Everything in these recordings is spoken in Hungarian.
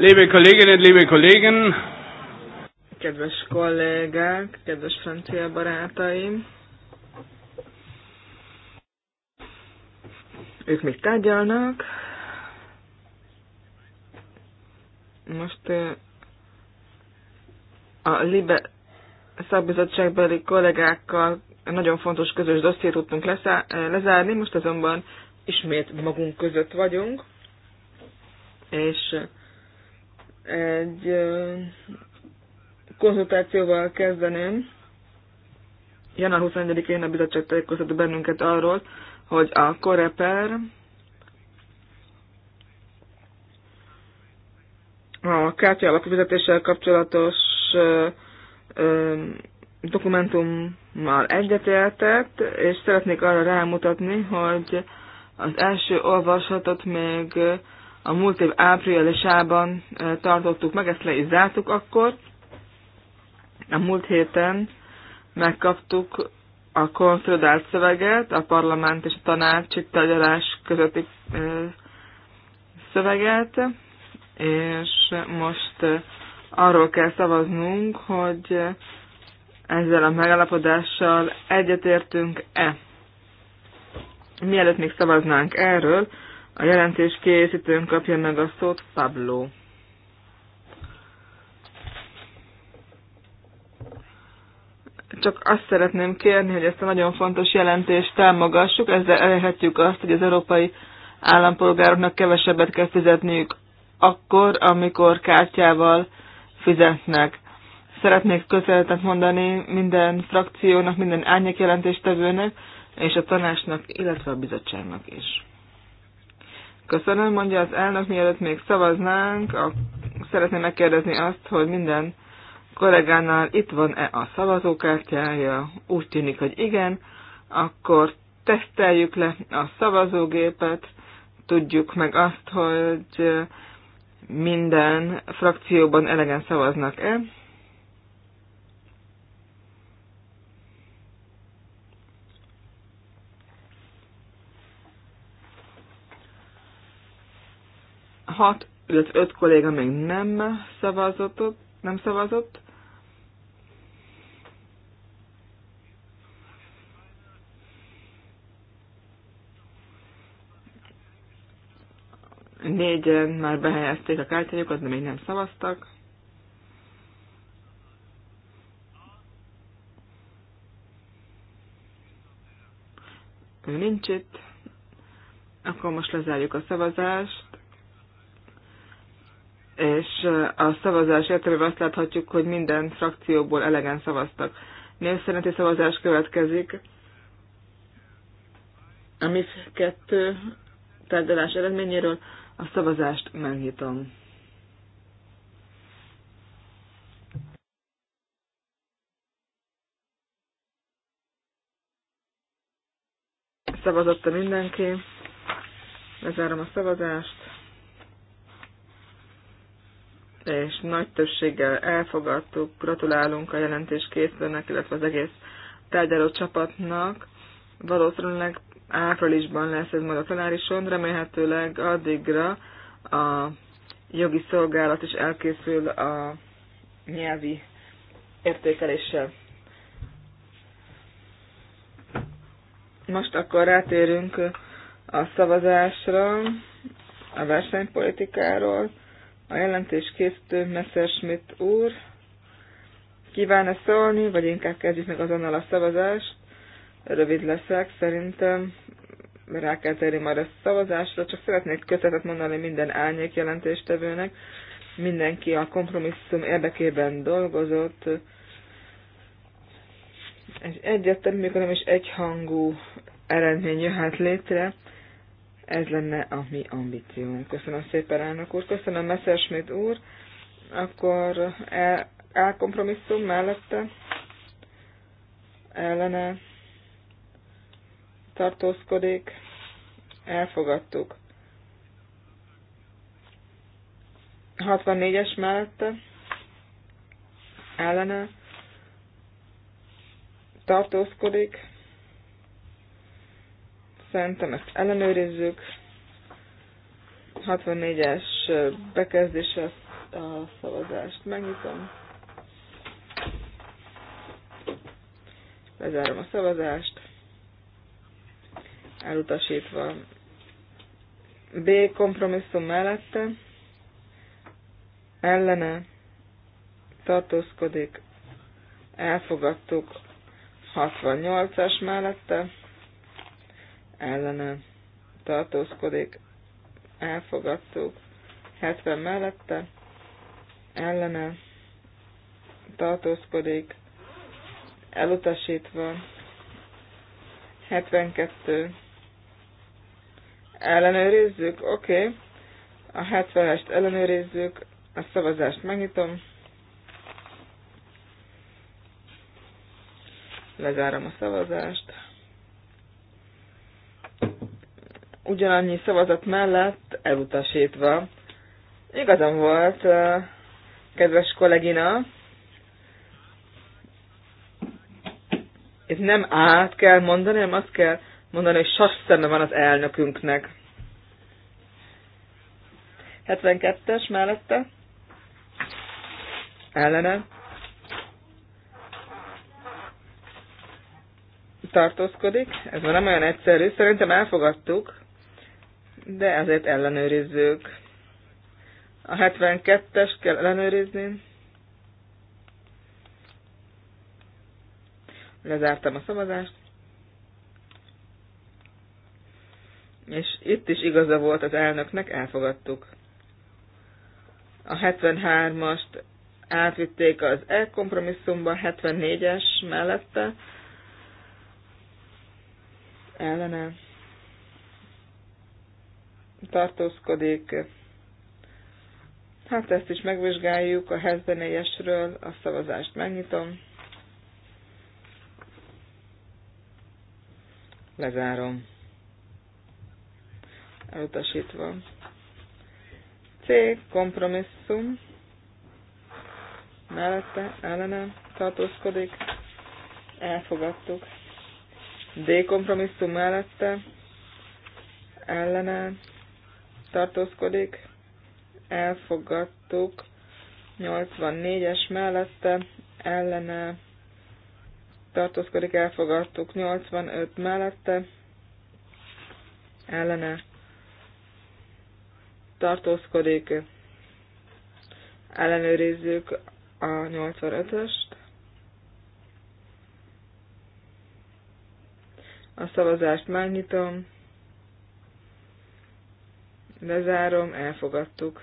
Liebe Kolleginnen, liebe Kollegen! Kedves kollégák, kedves francia barátaim! Ők még tárgyalnak. Most a Libe szakbizottságbeli kollégákkal nagyon fontos közös dossziét tudtunk lezárni, most azonban ismét magunk között vagyunk, és egy konzultációval kezdeném. Január 21-én a bizottság tájékoztatta bennünket arról, hogy a Koreper a kártya alapú fizetéssel kapcsolatos ö, ö, dokumentummal egyetértett, és szeretnék arra rámutatni, hogy az első olvasatot még a múlt év áprilisában tartottuk meg, ezt le is zártuk akkor. A múlt héten megkaptuk a konszolidált szöveget, a parlament és a tanács tárgyalás közötti szöveget, és most arról kell szavaznunk, hogy ezzel a megállapodással egyetértünk-e. Mielőtt még szavaznánk erről, a jelentés készítőn kapja meg a szót Pablo. Csak azt szeretném kérni, hogy ezt a nagyon fontos jelentést támogassuk, ezzel elérhetjük azt, hogy az európai állampolgároknak kevesebbet kell fizetniük akkor, amikor kártyával fizetnek. Szeretnék köszönetet mondani minden frakciónak, minden árnyékjelentéstevőnek, és a tanácsnak, illetve a bizottságnak is. Köszönöm, mondja az elnök, mielőtt még szavaznánk, a, szeretném megkérdezni azt, hogy minden kollégánál itt van-e a szavazókártyája, úgy tűnik, hogy igen, akkor teszteljük le a szavazógépet, tudjuk meg azt, hogy minden frakcióban elegen szavaznak-e. Hat, illetve öt kolléga még nem szavazott, nem szavazott. Négyen már behelyezték a kártyájukat, de még nem szavaztak. Ő nincs itt. Akkor most lezárjuk a szavazást és a szavazás értelmében azt láthatjuk, hogy minden frakcióból elegen szavaztak. Név szerinti szavazás következik. A MIF 2 tárgyalás eredményéről a szavazást megnyitom. Szavazotta mindenki. Lezárom a szavazást és nagy többséggel elfogadtuk. Gratulálunk a jelentés készülnek, illetve az egész tárgyaló csapatnak. Valószínűleg áprilisban lesz ez majd a tanárison, remélhetőleg addigra a jogi szolgálat is elkészül a nyelvi értékeléssel. Most akkor rátérünk a szavazásra, a versenypolitikáról. A jelentés készítő Messerschmidt úr kíván-e szólni, vagy inkább kezdjük meg azonnal a szavazást. Rövid leszek, szerintem rá kell térni már a szavazásra, csak szeretnék kötetet mondani minden árnyék jelentéstevőnek. Mindenki a kompromisszum érdekében dolgozott. Egy mikor nem is egyhangú eredmény jöhet létre. Ez lenne a mi ambíciónk. Köszönöm szépen, elnök úr. Köszönöm, Messerschmidt úr. Akkor e, elkompromisszum mellette ellene tartózkodik. Elfogadtuk. 64-es mellette ellene tartózkodik, Szerintem ezt ellenőrizzük. 64-es bekezdése a szavazást megnyitom. Lezárom a szavazást. Elutasítva. B kompromisszum mellette. Ellene tartózkodik. Elfogadtuk 68-as mellette ellene tartózkodik, elfogadtuk, 70 mellette, ellene tartózkodik, elutasítva, 72, ellenőrizzük, oké, okay. a 70-est ellenőrizzük, a szavazást megnyitom, lezárom a szavazást, ugyanannyi szavazat mellett elutasítva. Igazam volt, kedves kollégina. Itt nem át kell mondani, hanem azt kell mondani, hogy sas szeme van az elnökünknek. 72-es mellette. Ellene. Tartózkodik. Ez már nem olyan egyszerű. Szerintem elfogadtuk de ezért ellenőrizzük. A 72-es kell ellenőrizni. Lezártam a szavazást. És itt is igaza volt az elnöknek, elfogadtuk. A 73-ast átvitték az e-kompromisszumba, 74-es mellette. Ellenem tartózkodik. Hát ezt is megvizsgáljuk a hezbenélyesről, a szavazást megnyitom. Lezárom. Elutasítva. C. Kompromisszum. Mellette, ellene tartózkodik. Elfogadtuk. D. Kompromisszum mellette, ellene tartózkodik, elfogadtuk, 84-es mellette ellene tartózkodik, elfogadtuk, 85 mellette ellene tartózkodik, ellenőrizzük a 85-öst. A szavazást megnyitom. Lezárom, elfogadtuk.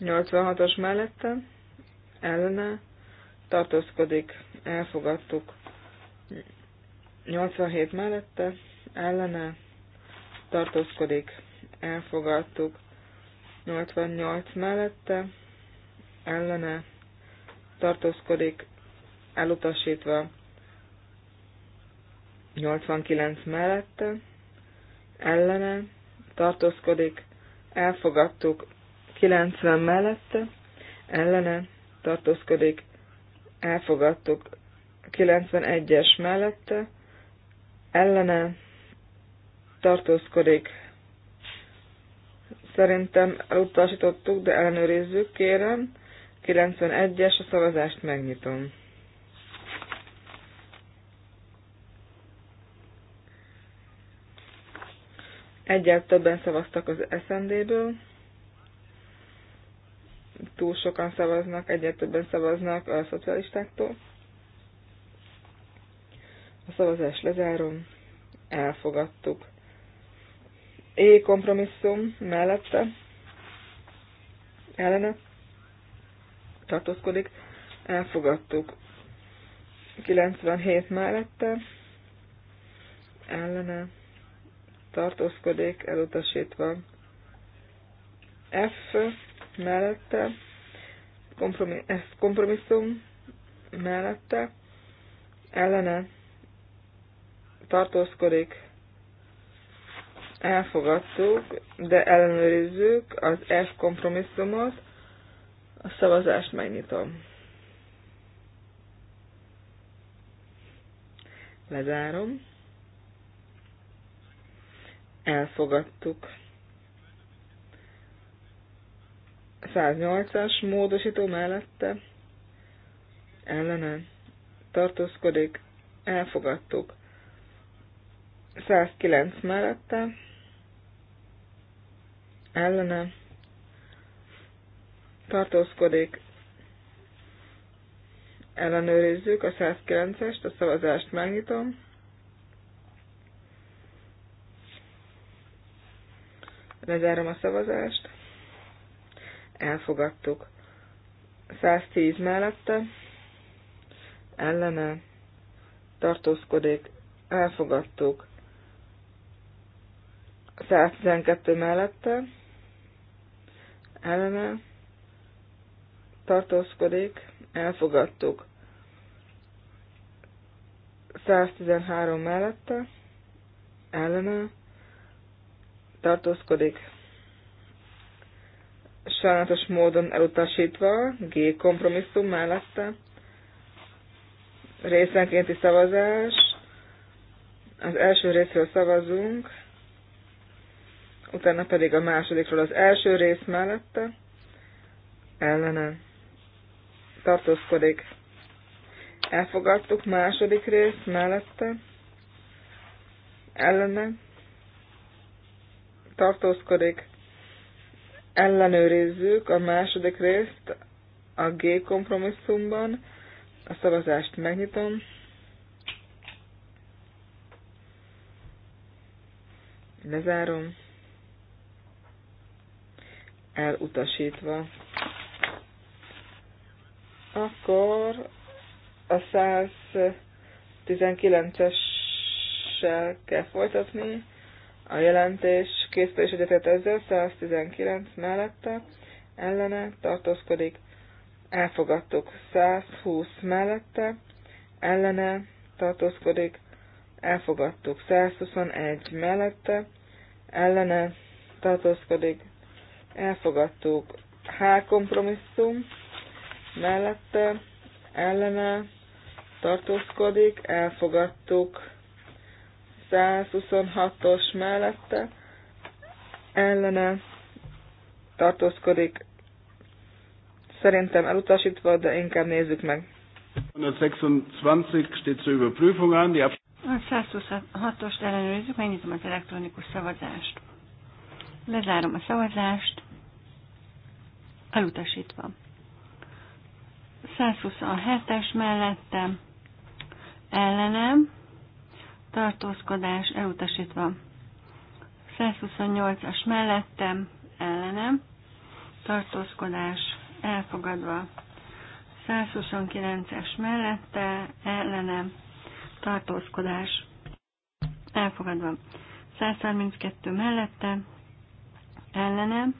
86-os mellette, ellene, tartózkodik, elfogadtuk. 87 mellette, ellene, tartózkodik, elfogadtuk. 88 mellette, ellene, tartózkodik, elutasítva. 89 mellette, ellene, tartózkodik, elfogadtuk 90 mellette, ellene tartózkodik, elfogadtuk 91-es mellette, ellene tartózkodik. Szerintem elutasítottuk, de ellenőrizzük, kérem. 91-es a szavazást megnyitom. Egyel többen szavaztak az SND-ből, túl sokan szavaznak, egyet többen szavaznak a szocialistáktól. A szavazás lezárom, elfogadtuk. É kompromisszum mellette, ellene, tartózkodik, elfogadtuk. 97 mellette, ellene, tartózkodik, elutasítva. F mellette, kompromis, F kompromisszum mellette, ellene tartózkodik, elfogadtuk, de ellenőrizzük az F kompromisszumot, a szavazást megnyitom. Lezárom elfogadtuk. 108-as módosító mellette ellene tartózkodik, elfogadtuk. 109 mellette ellene tartózkodik, ellenőrizzük a 109-est, a szavazást megnyitom. Lezárom a szavazást. Elfogadtuk. 110 mellette. Ellene. Tartózkodik. Elfogadtuk. 112 mellette. Ellene. Tartózkodik. Elfogadtuk. 113 mellette. Ellene tartózkodik. Sajnálatos módon elutasítva, G kompromisszum mellette. Részenkénti szavazás. Az első részről szavazunk, utána pedig a másodikról az első rész mellette. Ellene tartózkodik. Elfogadtuk második rész mellette. Ellene tartózkodik, ellenőrizzük a második részt a G kompromisszumban. A szavazást megnyitom. Lezárom. Elutasítva. Akkor a 119-essel kell folytatni. A jelentés készítő is egyetért ezzel, 119 mellette, ellene tartózkodik, elfogadtuk 120 mellette, ellene tartózkodik, elfogadtuk 121 mellette, ellene tartózkodik, elfogadtuk H kompromisszum mellette, ellene tartózkodik, elfogadtuk 126-os mellette ellene tartózkodik. Szerintem elutasítva, de inkább nézzük meg. 126 a 126-ost ellenőrizzük, megnyitom az elektronikus szavazást. Lezárom a szavazást, elutasítva. 127-es mellettem ellenem tartózkodás elutasítva. 128-as mellettem, ellenem, tartózkodás elfogadva. 129-es mellette, ellenem, tartózkodás elfogadva. 132 mellette, ellenem,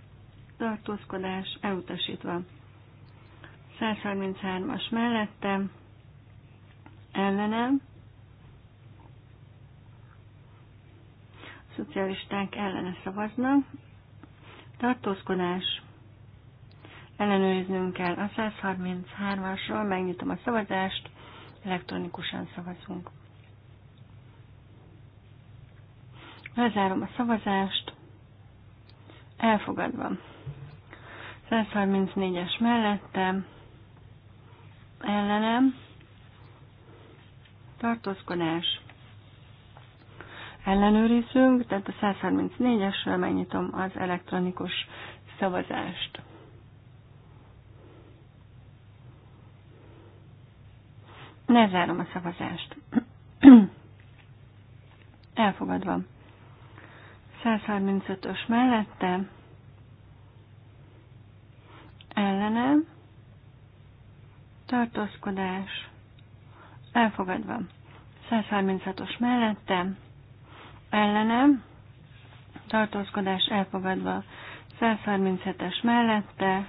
tartózkodás elutasítva. 133-as mellette, ellenem, Szocialistánk ellene szavaznak. Tartózkodás. Ellenőriznünk kell a 133-asról, megnyitom a szavazást, elektronikusan szavazunk. Lezárom a szavazást. Elfogadva. 134-es mellette. Ellenem. Tartózkodás ellenőrizzünk, tehát a 134-esről megnyitom az elektronikus szavazást. Ne zárom a szavazást. Elfogadva. 135-ös mellette ellene tartózkodás elfogadva. 136-os mellette ellene, tartózkodás elfogadva 137-es mellette,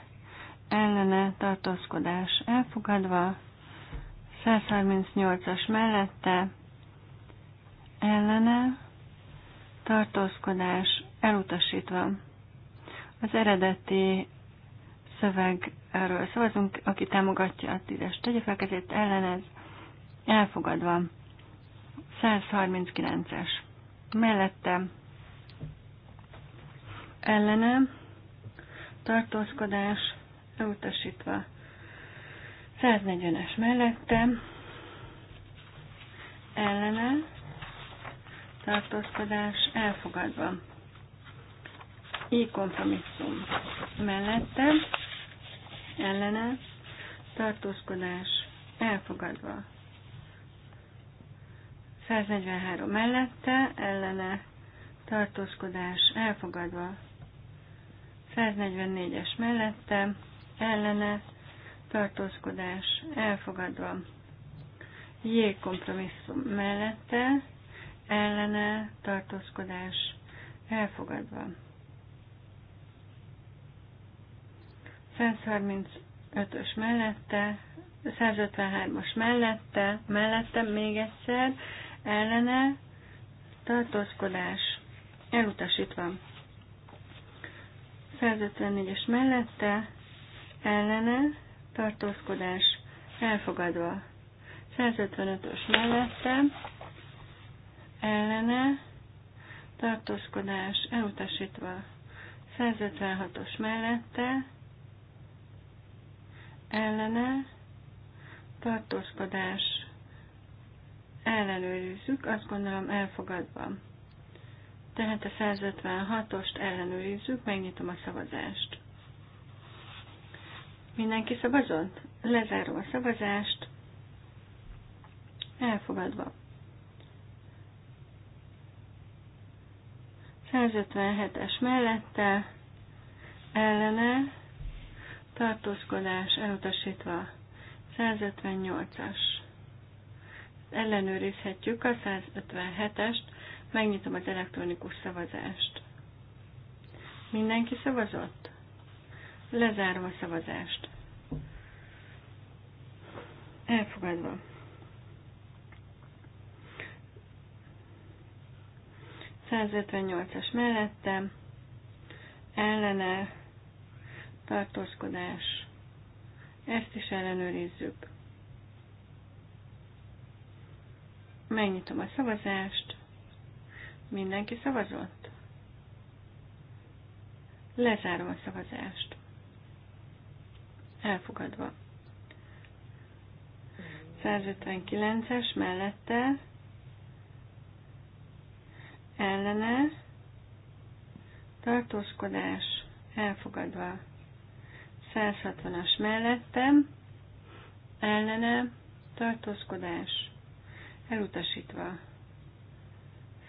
ellene tartózkodás elfogadva, 138-as mellette, ellene tartózkodás elutasítva. Az eredeti szöveg erről szavazunk, aki támogatja a tízes tegye fel kezét ellenez, elfogadva. 139-es mellette ellene tartózkodás elutasítva 140-es mellette ellene tartózkodás elfogadva i kompromisszum mellette ellene tartózkodás elfogadva 143 mellette, ellene tartózkodás elfogadva. 144-es mellette, ellene tartózkodás elfogadva. J kompromisszum mellette, ellene tartózkodás elfogadva. 135-ös mellette, 153-as mellette, mellette még egyszer, ellene tartózkodás elutasítva. 154-es mellette ellene tartózkodás elfogadva. 155-ös mellette ellene tartózkodás elutasítva. 156-os mellette ellene tartózkodás ellenőrizzük, azt gondolom elfogadva. Tehát a 156-ost ellenőrizzük, megnyitom a szavazást. Mindenki szavazott? Lezárom a szavazást. Elfogadva. 157-es mellette, ellene, tartózkodás elutasítva. 158-as ellenőrizhetjük a 157-est, megnyitom az elektronikus szavazást. Mindenki szavazott? Lezárom a szavazást. Elfogadva. as mellettem, ellene, tartózkodás, ezt is ellenőrizzük. Megnyitom a szavazást. Mindenki szavazott? Lezárom a szavazást. Elfogadva. 159-es mellette ellene tartózkodás elfogadva. 160-as mellettem ellene tartózkodás elutasítva.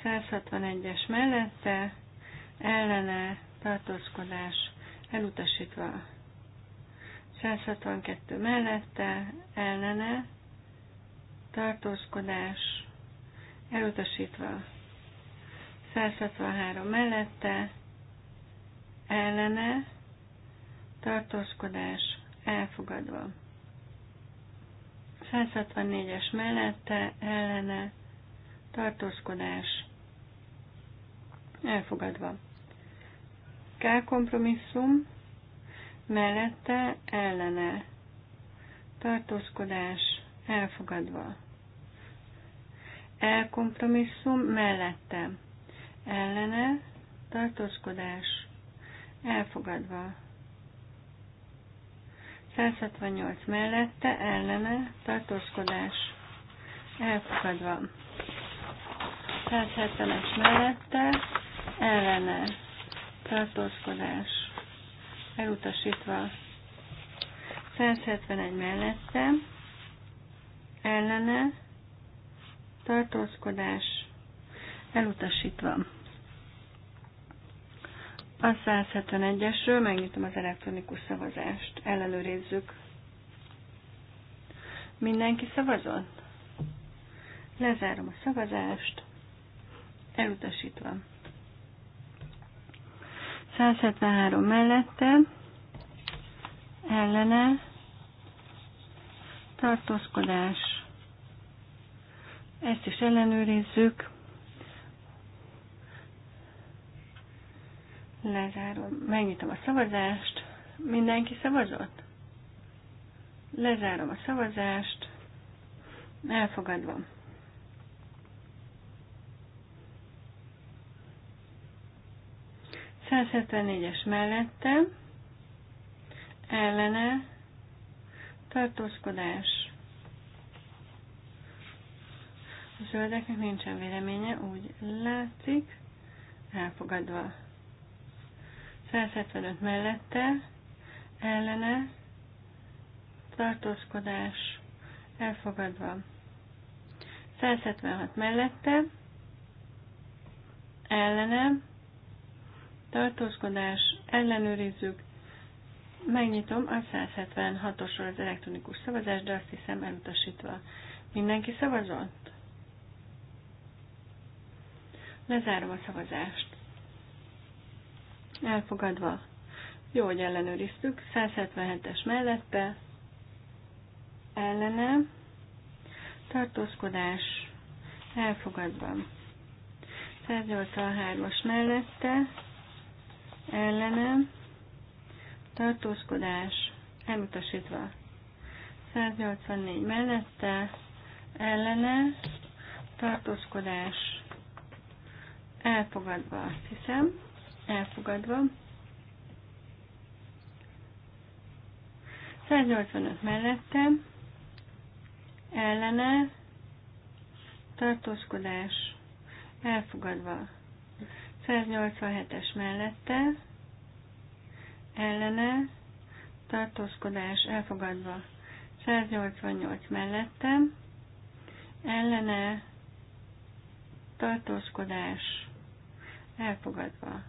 161-es mellette, ellene, tartózkodás, elutasítva. 162 mellette, ellene, tartózkodás, elutasítva. 163 mellette, ellene, tartózkodás, elfogadva. 164-es mellette ellene tartózkodás elfogadva. K kompromisszum mellette ellene tartózkodás elfogadva. L e kompromisszum mellette ellene tartózkodás elfogadva. 168 mellette ellene tartózkodás elfogadva. 170-es mellette ellene tartózkodás elutasítva. 171 mellette ellene tartózkodás elutasítva. A 171-esről megnyitom az elektronikus szavazást. Ellenőrizzük. Mindenki szavazott? Lezárom a szavazást. Elutasítva. 173 mellette, ellene, tartózkodás. Ezt is ellenőrizzük. Lezárom. Megnyitom a szavazást. Mindenki szavazott? Lezárom a szavazást. Elfogadva. es mellette ellene tartózkodás. A zöldeknek nincsen véleménye, úgy látszik, elfogadva. 175 mellette, ellene, tartózkodás elfogadva. 176 mellette, ellene, tartózkodás, ellenőrizzük, megnyitom a 176-osról az elektronikus szavazást, de azt hiszem elutasítva. Mindenki szavazott? Lezárom a szavazást elfogadva. Jó, hogy ellenőriztük. 177-es mellette, ellene, tartózkodás, elfogadva. 183-as mellette, ellene, tartózkodás, elutasítva. 184 mellette, ellene, tartózkodás, elfogadva, azt hiszem elfogadva. 185 mellette ellene tartózkodás elfogadva. 187-es mellette ellene tartózkodás elfogadva. 188 mellette ellene tartózkodás elfogadva.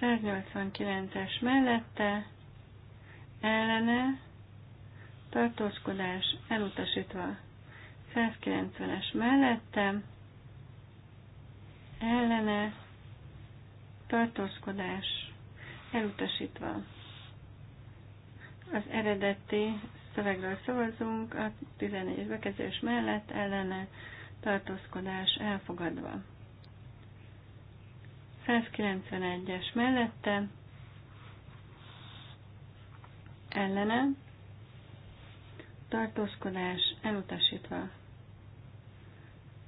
189-es mellette ellene tartózkodás elutasítva 190-es mellette ellene tartózkodás elutasítva. Az eredeti szövegről szavazunk, a 14-es bekezdés mellett ellene tartózkodás elfogadva. 191-es mellette, ellene, tartózkodás elutasítva.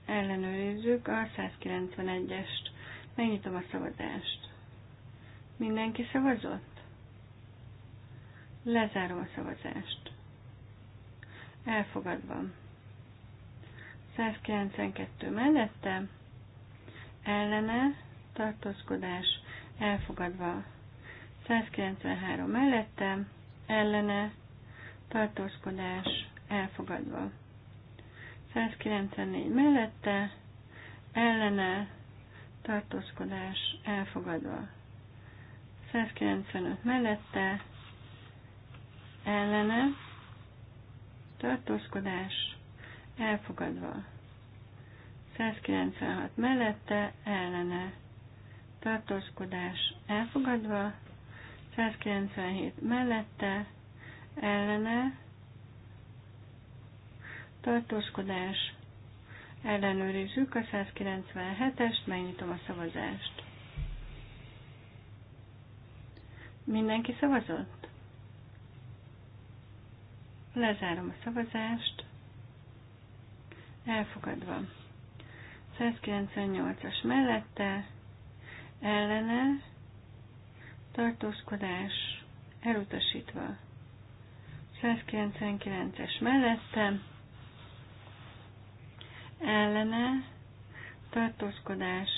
Ellenőrizzük a 191-est. Megnyitom a szavazást. Mindenki szavazott? Lezárom a szavazást. Elfogadva. 192 mellette, ellene, tartózkodás elfogadva 193 mellette, ellene tartózkodás elfogadva 194 mellette, ellene tartózkodás elfogadva 195 mellette, ellene tartózkodás elfogadva 196 mellette, ellene tartózkodás elfogadva, 197 mellette, ellene, tartózkodás, ellenőrizzük a 197-est, megnyitom a szavazást. Mindenki szavazott? Lezárom a szavazást. Elfogadva. 198-as mellette, ellene tartózkodás elutasítva. 199-es mellette ellene tartózkodás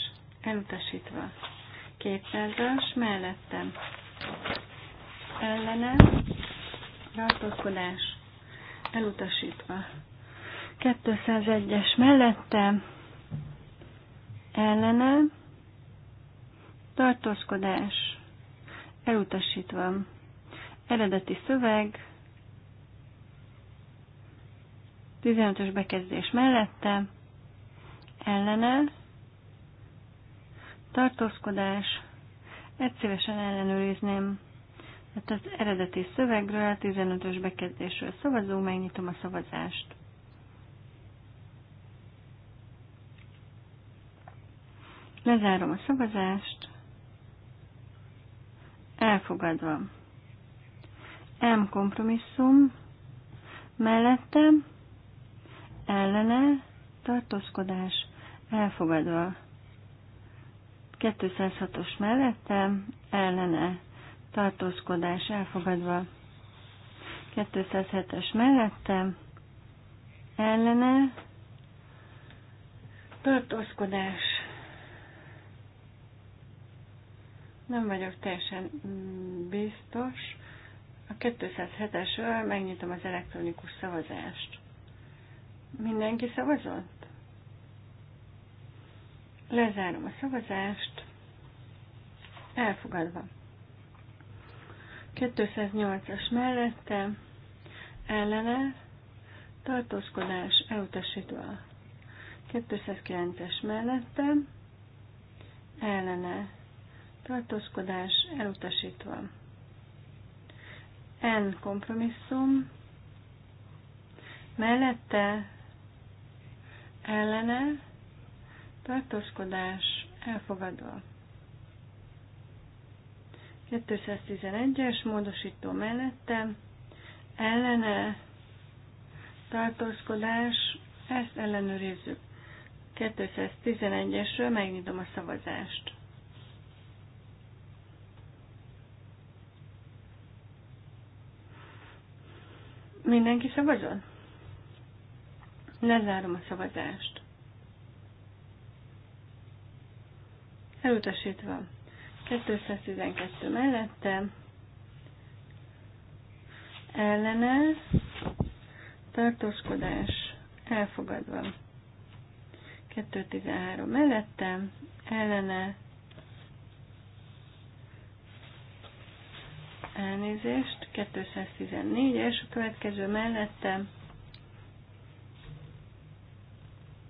elutasítva. 200-as mellette ellene tartózkodás elutasítva. 201-es mellette ellene tartózkodás, elutasítva. Eredeti szöveg, 15-ös bekezdés mellette, ellene, tartózkodás, egy szívesen ellenőrizném. Hát az eredeti szövegről, 15-ös bekezdésről szavazunk, megnyitom a szavazást. Lezárom a szavazást elfogadva. M kompromisszum, mellette, ellene, tartózkodás, elfogadva. 206-os mellette, ellene, tartózkodás, elfogadva. 207-es mellette, ellene, tartózkodás, Nem vagyok teljesen mm, biztos. A 207-esről megnyitom az elektronikus szavazást. Mindenki szavazott? Lezárom a szavazást. Elfogadva. 208-as mellette ellene tartózkodás elutasítva. 209-es mellette ellene tartózkodás elutasítva. N kompromisszum, mellette ellene tartózkodás elfogadva. 211-es módosító mellette ellene tartózkodás, ezt ellenőrizzük. 211-esről megnyitom a szavazást. Mindenki szavazott? Lezárom a szavazást. Elutasítva. 212 mellette. Ellene. Tartózkodás. Elfogadva. 213 mellette. Ellene. elnézést, 214-es, a következő mellettem,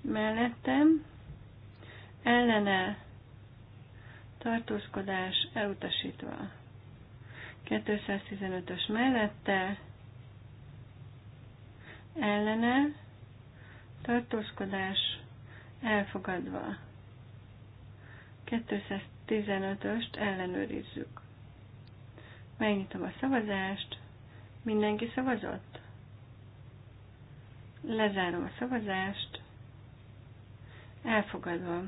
mellettem, ellene tartózkodás elutasítva. 215-ös mellette, ellene tartózkodás elfogadva. 215-öst ellenőrizzük. Megnyitom a szavazást. Mindenki szavazott? Lezárom a szavazást. Elfogadva.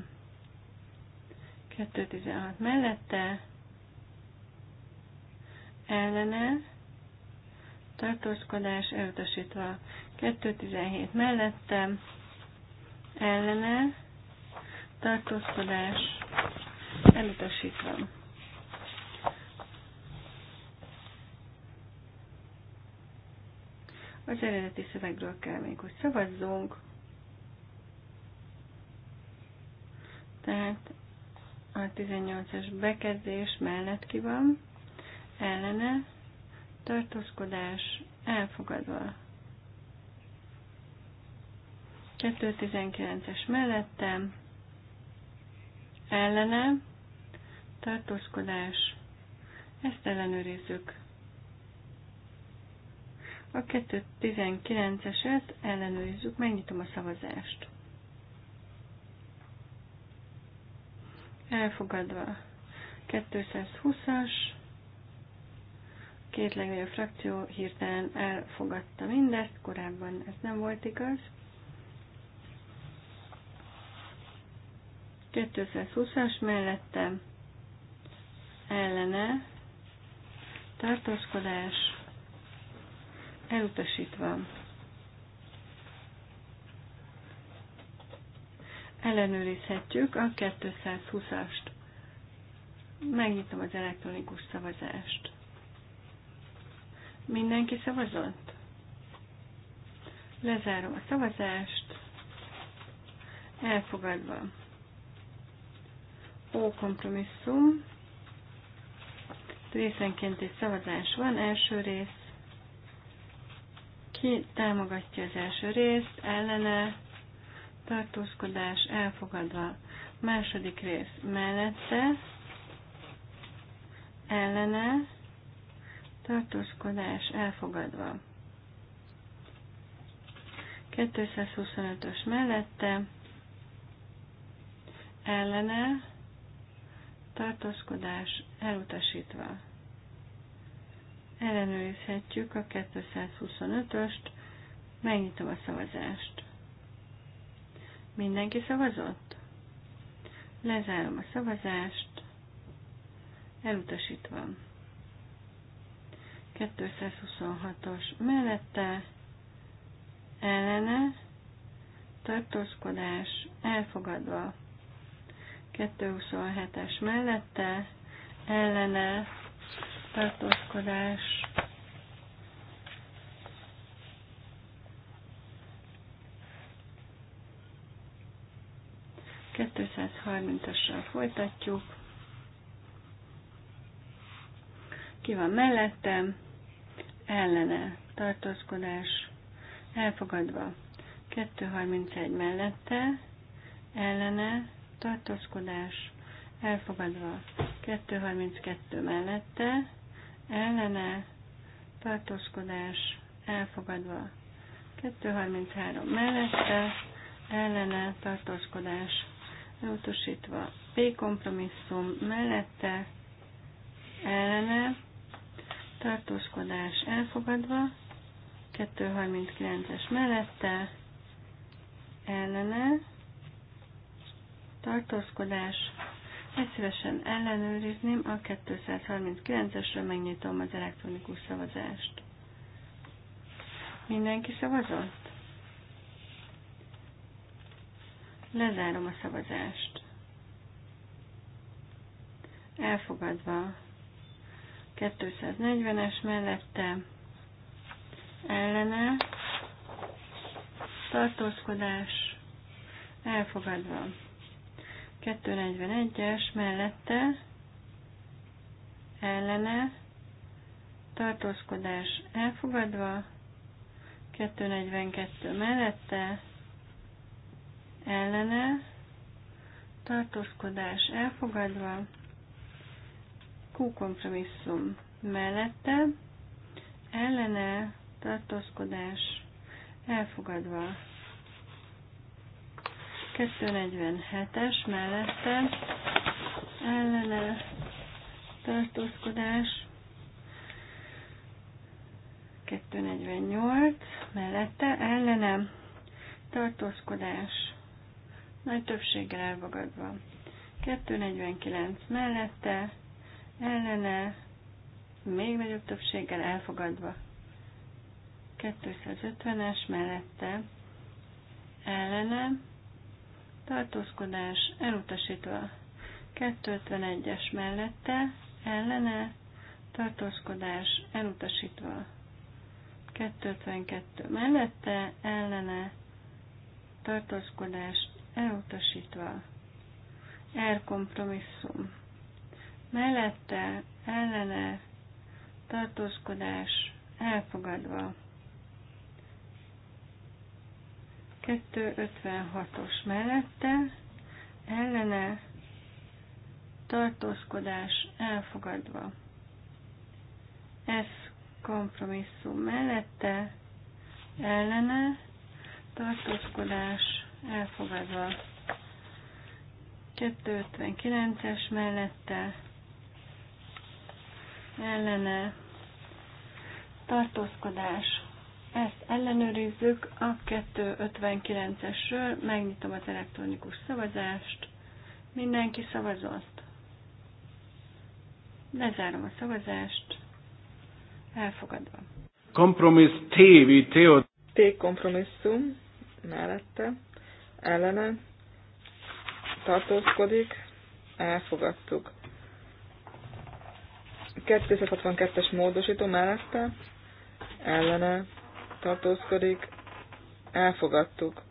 216 mellette. Ellene. Tartózkodás elutasítva. 217 mellette. Ellene. Tartózkodás elutasítva. Az eredeti szövegről kell még, hogy szavazzunk. Tehát a 18-as bekezdés mellett ki van, ellene, tartózkodás, elfogadva. 219-es mellette, ellene, tartózkodás, ezt ellenőrizzük. A 219-eset ellenőrizzük, megnyitom a szavazást. Elfogadva 220-as, két legnagyobb frakció hirtelen elfogadta mindezt, korábban ez nem volt igaz. 220-as mellette ellene tartózkodás elutasítva. Ellenőrizhetjük a 220-ast. Megnyitom az elektronikus szavazást. Mindenki szavazott? Lezárom a szavazást. Elfogadva. Ó kompromisszum. Részenként egy szavazás van. Első rész ki támogatja az első részt, ellene, tartózkodás, elfogadva. Második rész mellette, ellene, tartózkodás, elfogadva. 225-ös mellette, ellene, tartózkodás elutasítva. Ellenőrizhetjük a 225-öst. Megnyitom a szavazást. Mindenki szavazott? Lezárom a szavazást. Elutasítva. 226-os mellette ellene tartózkodás elfogadva. 227-es mellette ellene tartózkodás, Kettőszázharmincassal folytatjuk. Ki van mellettem? Ellene tartózkodás elfogadva. 231 mellette ellene tartózkodás elfogadva. 232 mellette ellene, tartózkodás elfogadva. 233 mellette, ellene, tartózkodás elutasítva. P kompromisszum mellette, ellene, tartózkodás elfogadva. 239-es mellette, ellene, tartózkodás ezt szívesen ellenőrizném a 239-esről, megnyitom az elektronikus szavazást. Mindenki szavazott? Lezárom a szavazást. Elfogadva 240-es mellette ellene tartózkodás elfogadva. 241-es mellette ellene tartózkodás elfogadva, 242 mellette ellene tartózkodás elfogadva, Q kompromisszum mellette ellene tartózkodás elfogadva. 247-es mellette ellene tartózkodás, 248 mellette ellene tartózkodás, nagy többséggel elfogadva. 249 mellette ellene még nagyobb többséggel elfogadva. 250-es mellette ellene tartózkodás elutasítva 251-es mellette, ellene, tartózkodás elutasítva 252 mellette, ellene, tartózkodás elutasítva elkompromisszum mellette, ellene, tartózkodás elfogadva 256-os mellette ellene tartózkodás elfogadva. Ez kompromisszum mellette ellene tartózkodás elfogadva. 259-es mellette ellene tartózkodás ezt ellenőrizzük a 259-esről, megnyitom az elektronikus szavazást, mindenki szavazott. Lezárom a szavazást, elfogadva. Kompromissz T, Teo. T kompromisszum, mellette, ellene, tartózkodik, elfogadtuk. 262-es módosító mellette, ellene, tartózkodik, elfogadtuk.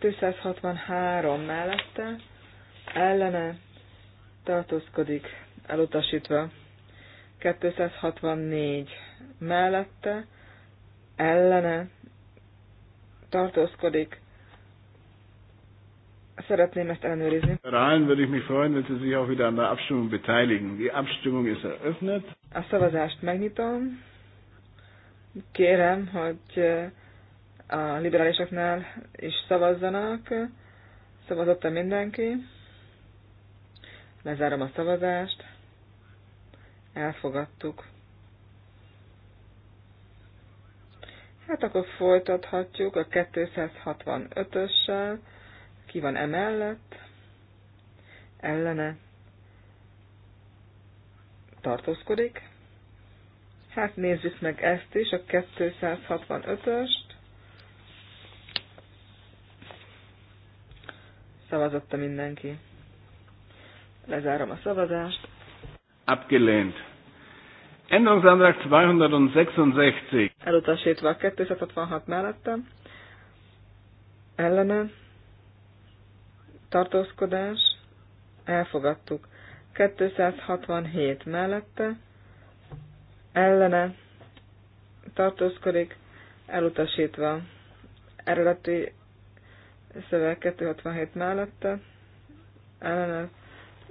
263 mellette ellene tartózkodik, elutasítva. 264 mellette ellene tartózkodik, Szeretném ezt ellenőrizni. Rein würde ich mich freuen, wenn Sie sich auch wieder an der Abstimmung beteiligen. Die Abstimmung ist eröffnet. A szavazást megnyitom. Kérem, hogy eh, a liberálisoknál is szavazzanak. Szavazott-e mindenki? Lezárom a szavazást. Elfogadtuk. Hát akkor folytathatjuk a 265-össel. Ki van emellett? Ellene? Tartózkodik? Hát nézzük meg ezt is, a 265-öst. Szavazotta mindenki. Lezárom a szavazást. Abgelehnt. Änderungsantrag 266. Elutasítva a 266 mellettem Ellene tartózkodás, elfogadtuk. 267 mellette, ellene tartózkodik, elutasítva. Eredeti szöveg 267 mellette, ellene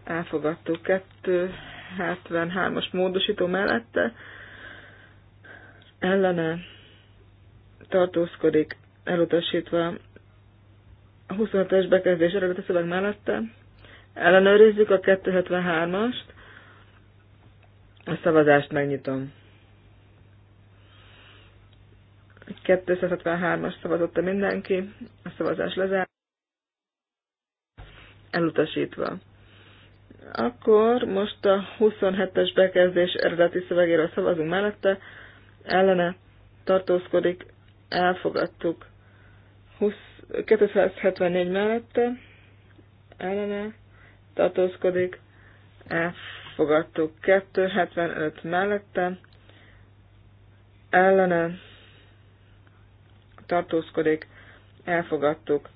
elfogadtuk 273-as módosító mellette, ellene tartózkodik, elutasítva a 25-es bekezdés eredeti szöveg mellette. Ellenőrizzük a 273-ast. A szavazást megnyitom. 273-as szavazotta mindenki, a szavazás lezár, elutasítva. Akkor most a 27-es bekezdés eredeti szövegéről szavazunk mellette, ellene tartózkodik, elfogadtuk. 274 mellette ellene tartózkodik, elfogadtuk 275 mellette, ellene tartózkodik, elfogadtuk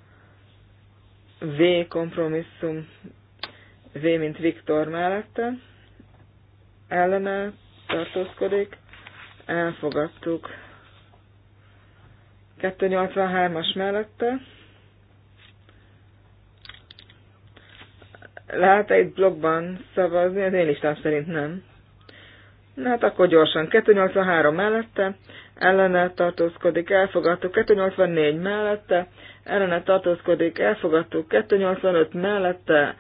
V kompromisszum, V mint Viktor mellette, ellene tartózkodik, elfogadtuk 283-as mellette. lehet -e itt blogban szavazni? Az én listám szerint nem. Na hát akkor gyorsan. 283 mellette, ellene tartózkodik, elfogadtuk. 284 mellette, ellene tartózkodik, elfogadtuk. 285 mellette,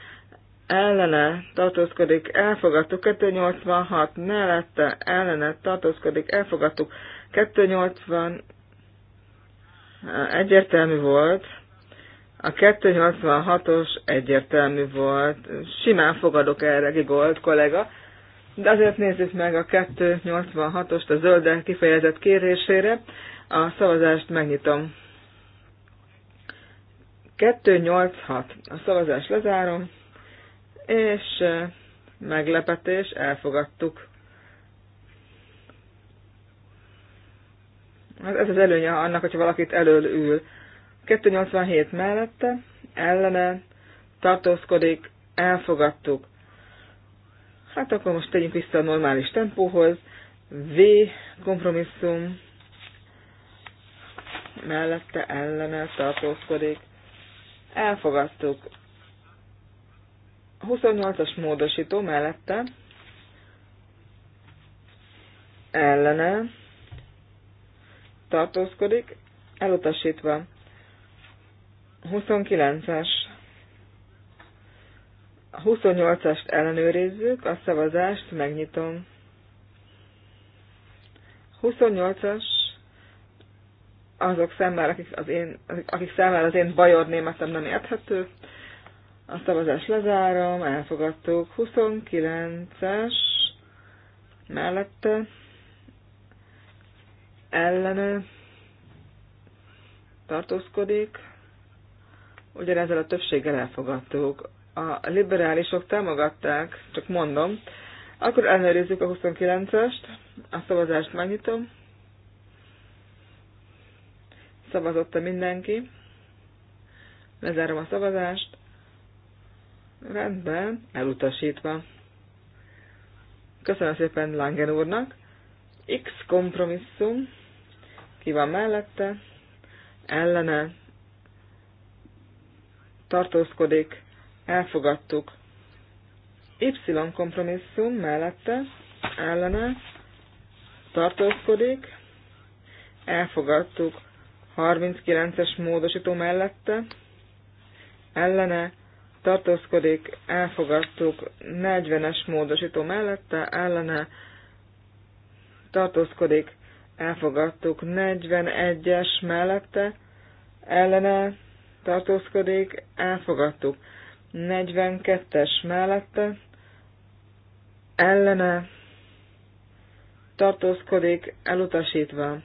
ellene tartózkodik, elfogadtuk. 286 mellette, ellene tartózkodik, elfogadtuk. 280 egyértelmű volt, a 286-os egyértelmű volt, simán fogadok erre, Gigolt kollega, de azért nézzük meg a 286-ost a zöldek kifejezett kérésére. A szavazást megnyitom. 286. A szavazást lezárom, és eh, meglepetés, elfogadtuk. Ez, hát ez az előnye annak, hogyha valakit elől ül. 287 mellette, ellene, tartózkodik, elfogadtuk. Hát akkor most tegyünk vissza a normális tempóhoz. V kompromisszum mellette ellene tartózkodik. Elfogadtuk. 28-as módosító mellette ellene tartózkodik, elutasítva. 29-es. 28-ast ellenőrizzük, a szavazást megnyitom. 28-as azok számára, akik, az én, akik számára az én bajor németem nem érthető. A szavazást lezárom, elfogadtuk. 29-es mellette ellene tartózkodik, ugyanezzel a többséggel elfogadtuk. A liberálisok támogatták, csak mondom, akkor ellenőrizzük a 29-est, a szavazást megnyitom. Szavazotta mindenki. Lezárom a szavazást. Rendben, elutasítva. Köszönöm szépen Langen úrnak. X kompromisszum ki van mellette, ellene tartózkodik, elfogadtuk. Y kompromisszum mellette, ellene tartózkodik, elfogadtuk. 39-es módosító mellette, ellene tartózkodik, elfogadtuk. 40-es módosító mellette, ellene tartózkodik, elfogadtuk. 41-es mellette ellene tartózkodik, elfogadtuk. 42-es mellette ellene tartózkodik, elutasítva.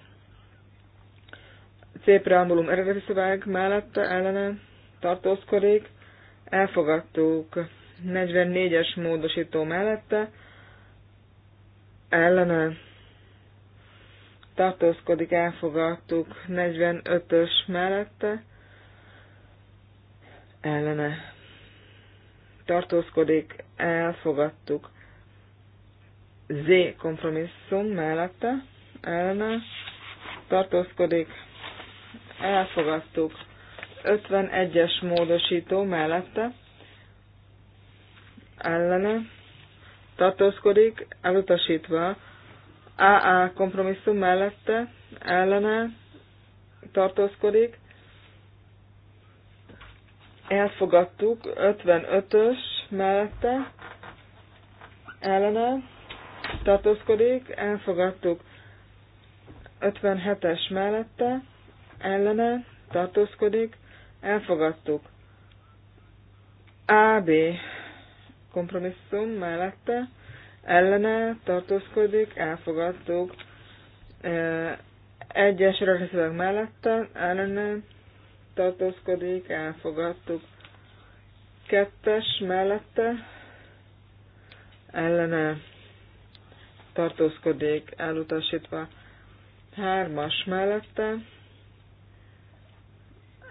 C. preambulum eredeti szöveg mellette ellene tartózkodik, elfogadtuk. 44-es módosító mellette ellene tartózkodik, elfogadtuk 45-ös mellette, ellene tartózkodik, elfogadtuk Z kompromisszum mellette, ellene tartózkodik, elfogadtuk 51-es módosító mellette, ellene tartózkodik, elutasítva AA kompromisszum mellette ellene tartózkodik. Elfogadtuk 55-ös mellette ellene tartózkodik, elfogadtuk 57-es mellette ellene tartózkodik, elfogadtuk AB kompromisszum mellette ellene tartózkodik, elfogadtuk. Egyes szöveg mellette ellene tartózkodik, elfogadtuk. Kettes mellette ellene tartózkodik, elutasítva. Hármas mellette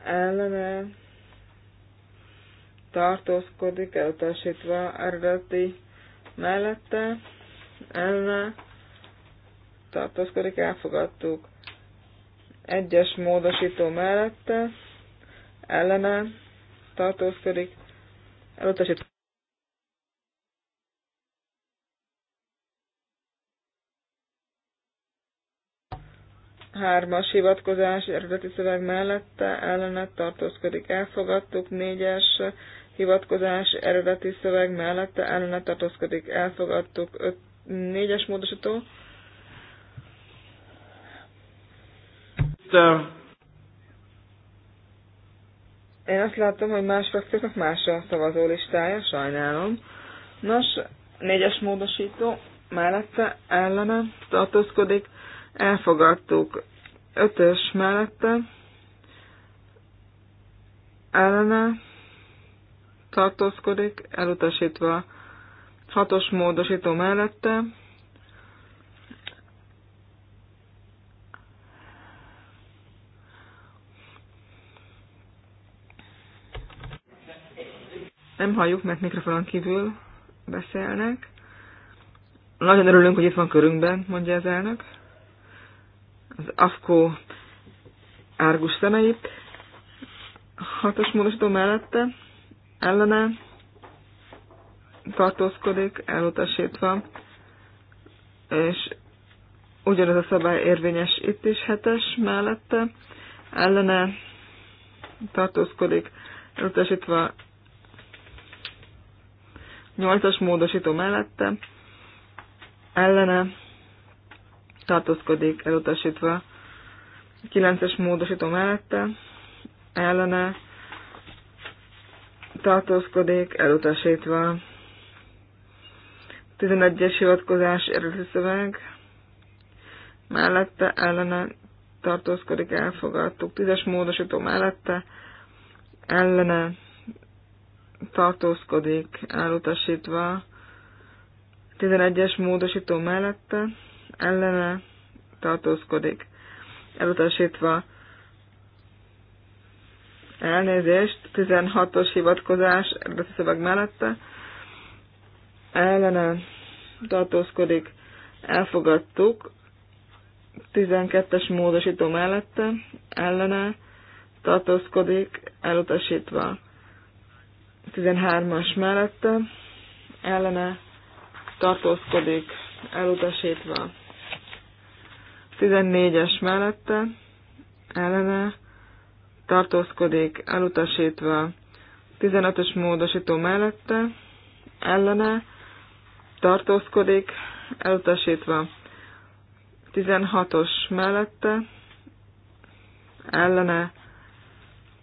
ellene tartózkodik, elutasítva eredeti mellette ellene tartózkodik, elfogadtuk. Egyes módosító mellette ellene tartózkodik, elutasít. Hármas hivatkozás eredeti szöveg mellette ellenet tartózkodik, elfogadtuk. Négyes hivatkozás eredeti szöveg mellette ellene tartózkodik. Elfogadtuk öt, négyes módosító. Én azt látom, hogy más frakcióknak más a listája, sajnálom. Nos, négyes módosító mellette ellene tartózkodik, elfogadtuk. Ötös mellette ellene tartózkodik, elutasítva hatos módosító mellette, Nem halljuk, mert mikrofonon kívül beszélnek. Nagyon örülünk, hogy itt van körünkben, mondja az elnök. Az AFKO árgus szemeit. Hatos módosító mellette ellene tartózkodik, elutasítva, és ugyanez a szabály érvényes itt is hetes mellette, ellene tartózkodik, elutasítva nyolcas módosító mellette, ellene tartózkodik, elutasítva kilences módosító mellette, ellene tartózkodik, elutasítva. 11-es hivatkozás eredeti szöveg, mellette ellene tartózkodik, elfogadtuk. 10-es módosító mellette ellene tartózkodik, elutasítva. 11-es módosító mellette ellene tartózkodik, elutasítva elnézést, 16-os hivatkozás a szöveg mellette, ellene tartózkodik, elfogadtuk, 12-es módosító mellette, ellene tartózkodik, elutasítva. 13-as mellette, ellene tartózkodik, elutasítva. 14-es mellette, ellene tartózkodik, elutasítva 15-ös módosító mellette, ellene tartózkodik, elutasítva 16-os mellette, ellene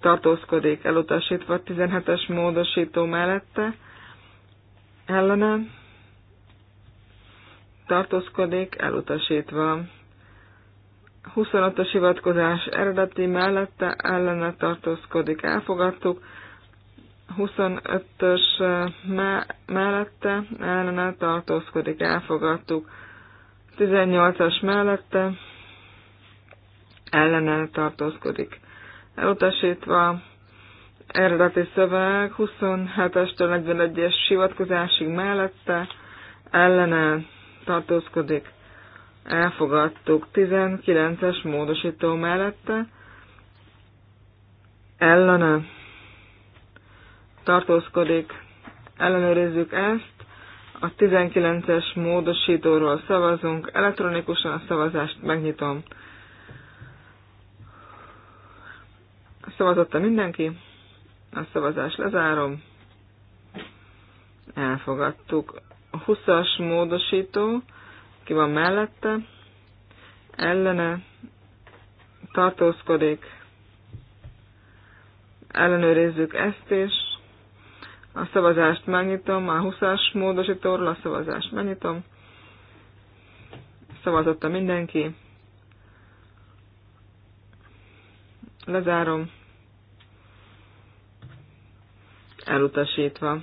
tartózkodik, elutasítva 17-es módosító mellette, ellene tartózkodik, elutasítva 25-ös hivatkozás eredeti mellette ellene tartózkodik, elfogadtuk. 25-ös eh, mellette ellene tartózkodik, elfogadtuk. 18-as mellette ellene tartózkodik. Elutasítva eredeti szöveg 27-estől 41-es hivatkozásig mellette ellene tartózkodik, elfogadtuk 19-es módosító mellette, ellene tartózkodik, ellenőrizzük ezt, a 19-es módosítóról szavazunk, elektronikusan a szavazást megnyitom. Szavazotta mindenki, a szavazást lezárom, elfogadtuk. A 20-as módosító, ki van mellette, ellene tartózkodik, ellenőrizzük ezt is, a szavazást megnyitom, a 20-as módosítóról a szavazást megnyitom, szavazotta mindenki, lezárom, elutasítva.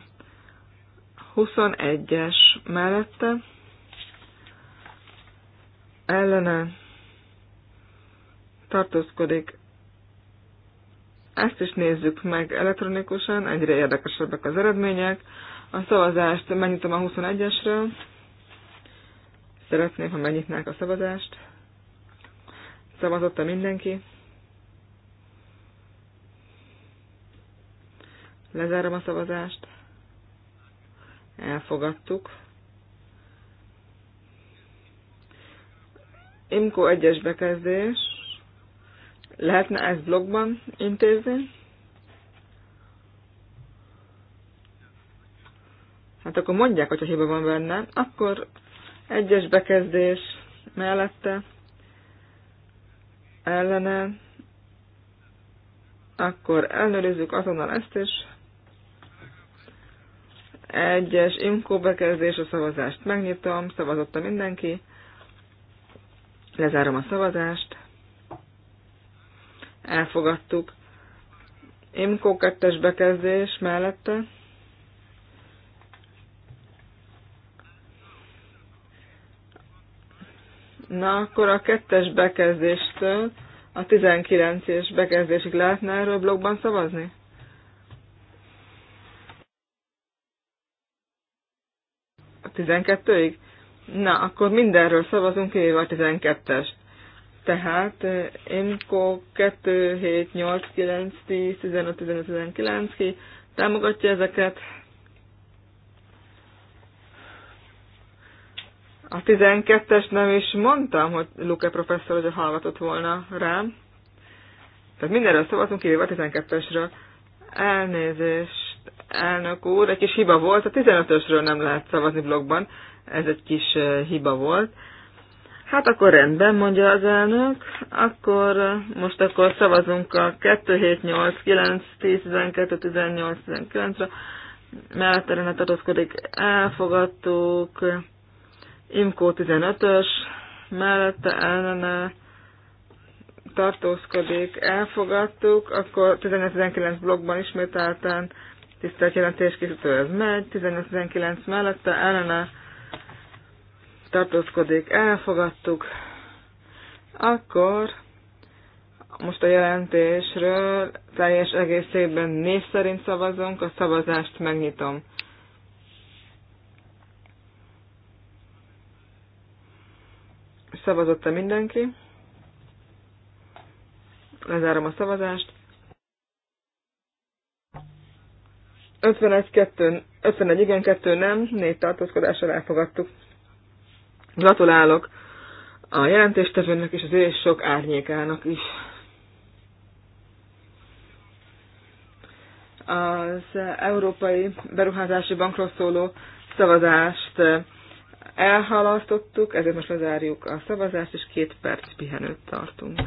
21-es mellette ellene tartózkodik. Ezt is nézzük meg elektronikusan, egyre érdekesebbek az eredmények. A szavazást megnyitom a 21-esről. Szeretném, ha megnyitnák a szavazást. Szavazotta mindenki. Lezárom a szavazást. Elfogadtuk. Imko egyes bekezdés. Lehetne ezt blogban intézni? Hát akkor mondják, hogyha hiba van benne. Akkor egyes bekezdés mellette ellene. Akkor ellenőrizzük azonnal ezt is. Egyes imkó bekezdés a szavazást megnyitom, szavazotta mindenki. Lezárom a szavazást. Elfogadtuk. Imkó kettes bekezdés mellette. Na, akkor a kettes bekezdéstől a 19-es bekezdésig lehetne erről blogban szavazni? A 12-ig? Na, akkor mindenről szavazunk, kivéve a 12 es Tehát Inko 2, 7, 8, 9, 10, 15, 15, 19 ki támogatja ezeket. A 12-es nem is mondtam, hogy Luke professzor, hogy hallgatott volna rám. Tehát mindenről szavazunk, kivéve a 12-esről. Elnézést, elnök úr, egy kis hiba volt, a 15-ösről nem lehet szavazni blogban ez egy kis hiba volt. Hát akkor rendben, mondja az elnök, akkor most akkor szavazunk a 2, 7, 8, 9, 10, 12, 18, 19-re, mellette ne tartózkodik, elfogadtuk, Imkó 15-ös, mellette ellene tartózkodik, elfogadtuk, akkor 1919 blogban ismételten tisztelt jelentés készítő, ez megy, 1919 mellette ellene tartózkodik, elfogadtuk. Akkor most a jelentésről teljes egészében név szerint szavazunk, a szavazást megnyitom. Szavazott-e mindenki? Lezárom a szavazást. 51, 2, 51 igen, 2 nem, 4 tartózkodással elfogadtuk. Gratulálok a jelentéstevőnek és az ő sok árnyékának is. Az Európai Beruházási Bankról szóló szavazást elhalasztottuk, ezért most lezárjuk a szavazást, és két perc pihenőt tartunk.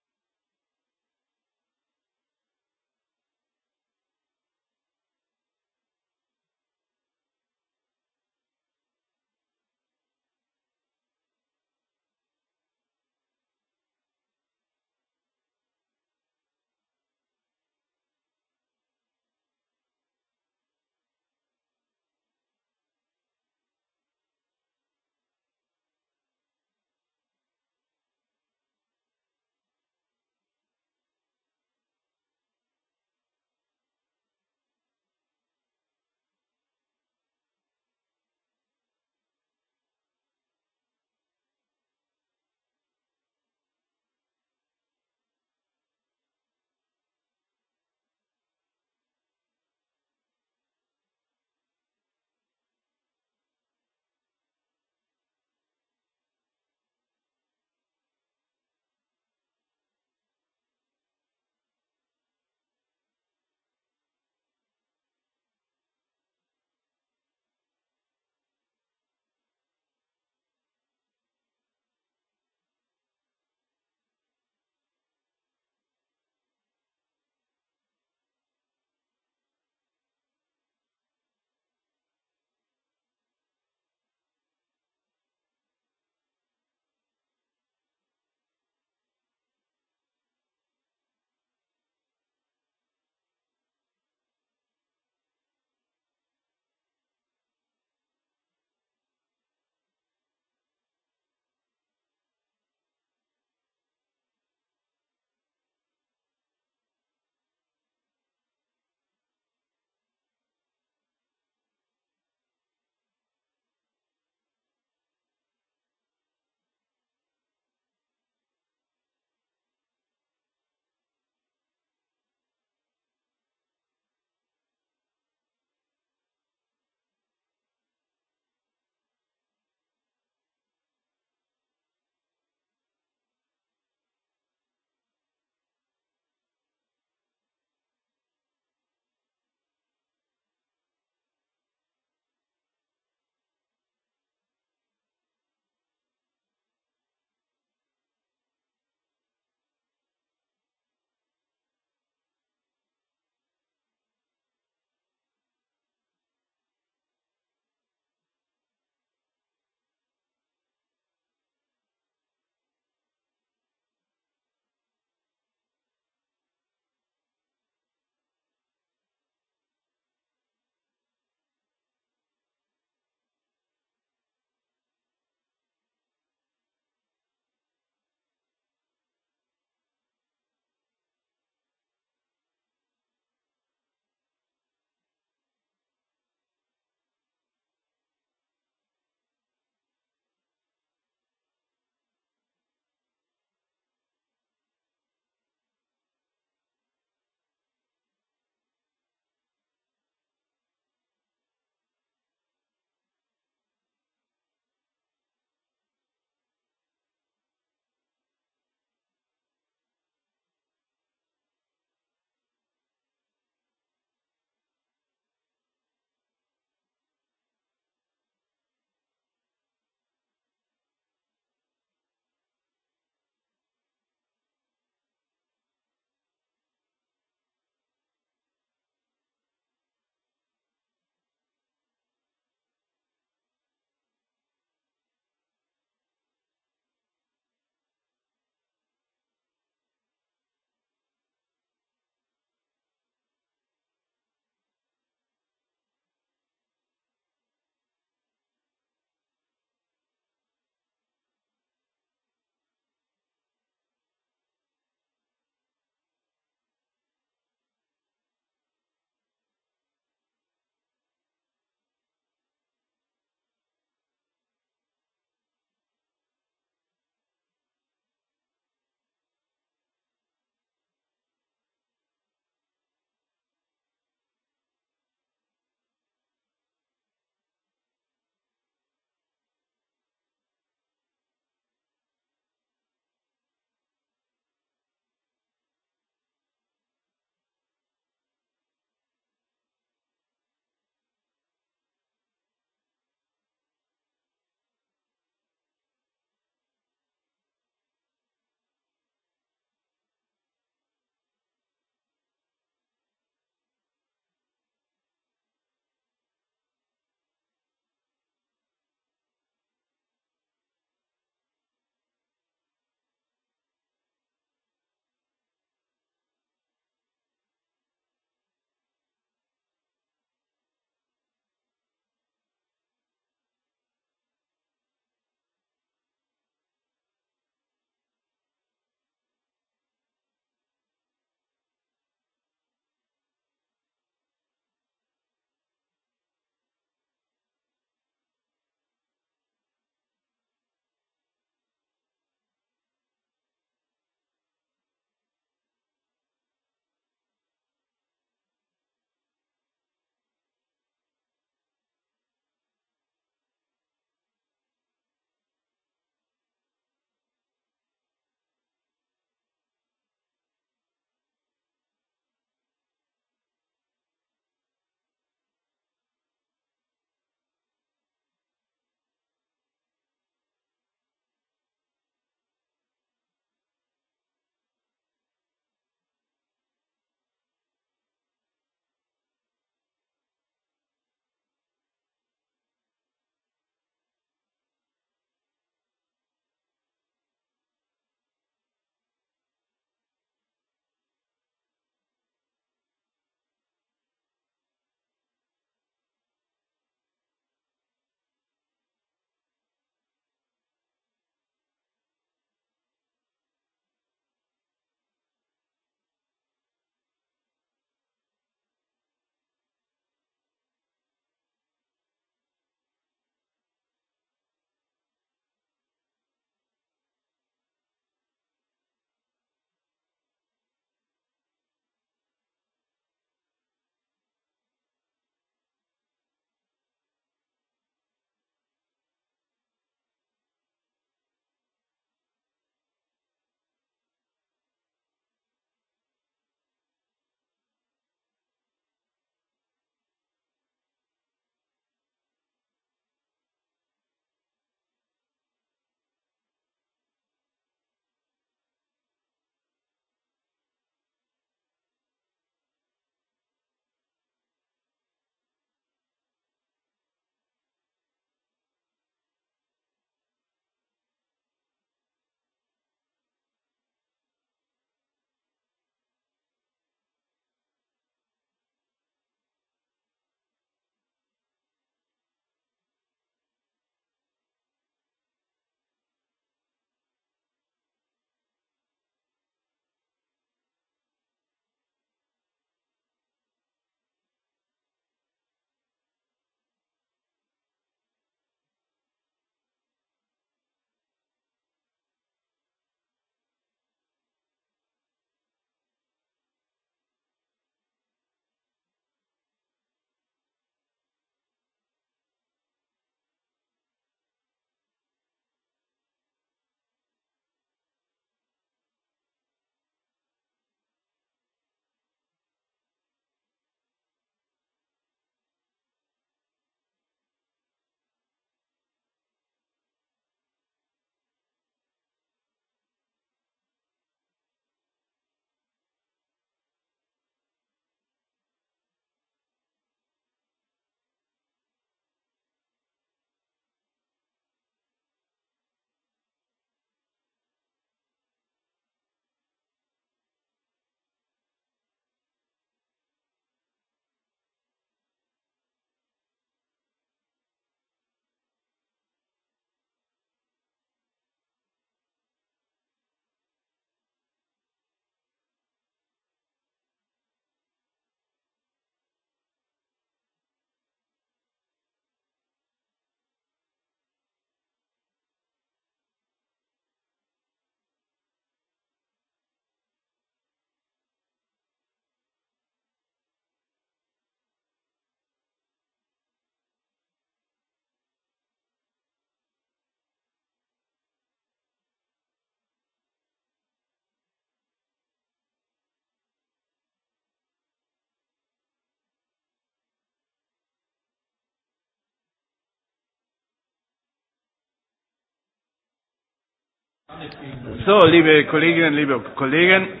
So, liebe Kolleginnen, liebe Kollegen.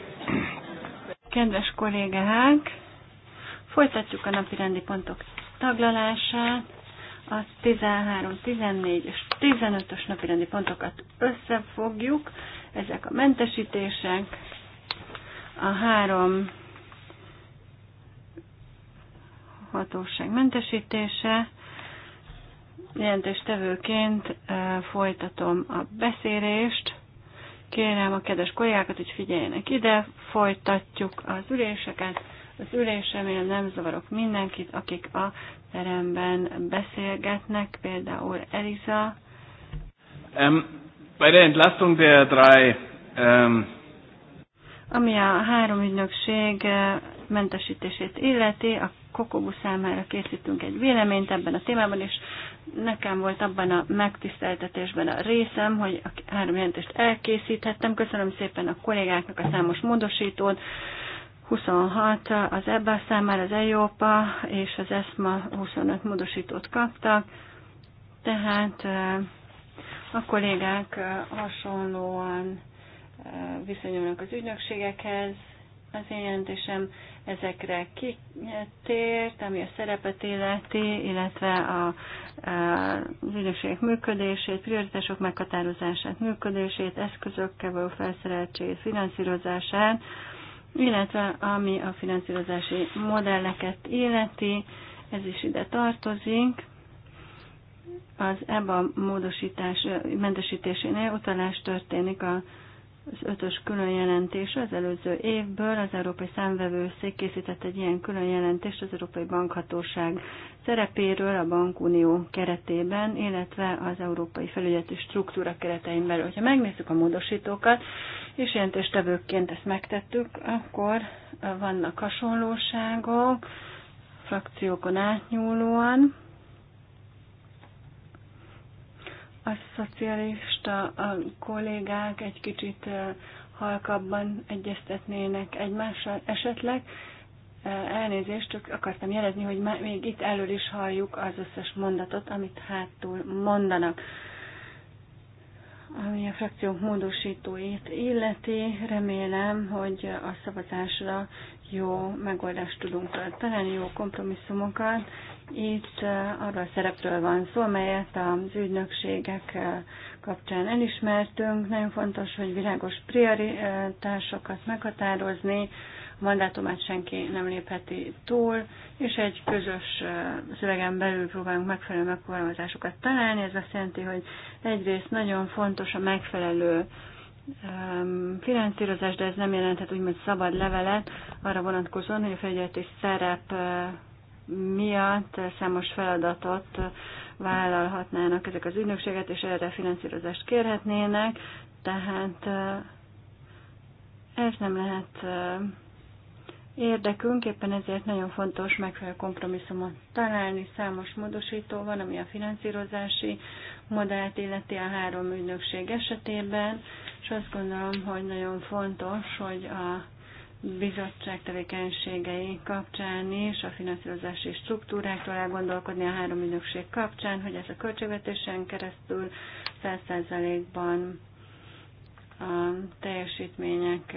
Kedves kollégák, folytatjuk a napi rendi pontok taglalását. A 13, 14 és 15-ös napi rendi pontokat összefogjuk. Ezek a mentesítések. A három hatóság mentesítése. Jelentéstevőként eh, folytatom a beszélést Kérem a kedves kollégákat, hogy figyeljenek ide, folytatjuk az üléseket. Az ülés remélem nem zavarok mindenkit, akik a teremben beszélgetnek, például Eliza. Um, bei der Entlastung der drei, um... Ami a három ügynökség eh, mentesítését illeti, a Kokobu számára készítünk egy véleményt ebben a témában, és Nekem volt abban a megtiszteltetésben a részem, hogy a három jelentést elkészíthettem. Köszönöm szépen a kollégáknak a számos módosítót. 26 az EBA számára, az EIOPA és az ESMA 25 módosítót kaptak, tehát a kollégák hasonlóan viszonyulnak az ügynökségekhez, az én jelentésem ezekre kitért, ami a szerepet illeti, illetve a, a, az ügynökségek működését, prioritások meghatározását, működését, eszközökkel való felszereltségét, finanszírozását, illetve ami a finanszírozási modelleket illeti, ez is ide tartozik. Az EBA módosítás mentesítésénél utalás történik a az ötös külön jelentés, az előző évből az Európai Számvevőszék készített egy ilyen külön jelentést az Európai Bankhatóság szerepéről a Bankunió keretében, illetve az Európai Felügyeleti Struktúra keretein belül. Ha megnézzük a módosítókat, és jelentéstevőként ezt megtettük, akkor vannak hasonlóságok, frakciókon átnyúlóan, A szocialista a kollégák egy kicsit halkabban egyeztetnének egymással esetleg. Elnézést, csak akartam jelezni, hogy még itt elől is halljuk az összes mondatot, amit hátul mondanak. Ami a frakciók módosítóit illeti, remélem, hogy a szavazásra jó megoldást tudunk találni, jó kompromisszumokat, itt arról a szerepről van szó, amelyet az ügynökségek kapcsán elismertünk. Nagyon fontos, hogy világos prioritásokat meghatározni, a mandátumát senki nem lépheti túl, és egy közös szövegen belül próbálunk megfelelő megfogalmazásokat találni. Ez azt jelenti, hogy egyrészt nagyon fontos a megfelelő finanszírozás, de ez nem jelenthet úgymond szabad levelet arra vonatkozóan, hogy a felügyeleti szerep miatt számos feladatot vállalhatnának ezek az ügynökséget, és erre finanszírozást kérhetnének, tehát eh, ez nem lehet eh, érdekünk, éppen ezért nagyon fontos megfelelő kompromisszumot találni. Számos módosító van, ami a finanszírozási modellt illeti a három ügynökség esetében, és azt gondolom, hogy nagyon fontos, hogy a bizottság tevékenységei kapcsán is, a finanszírozási struktúráktól elgondolkodni a három ügynökség kapcsán, hogy ez a költségvetésen keresztül 100%-ban a teljesítmények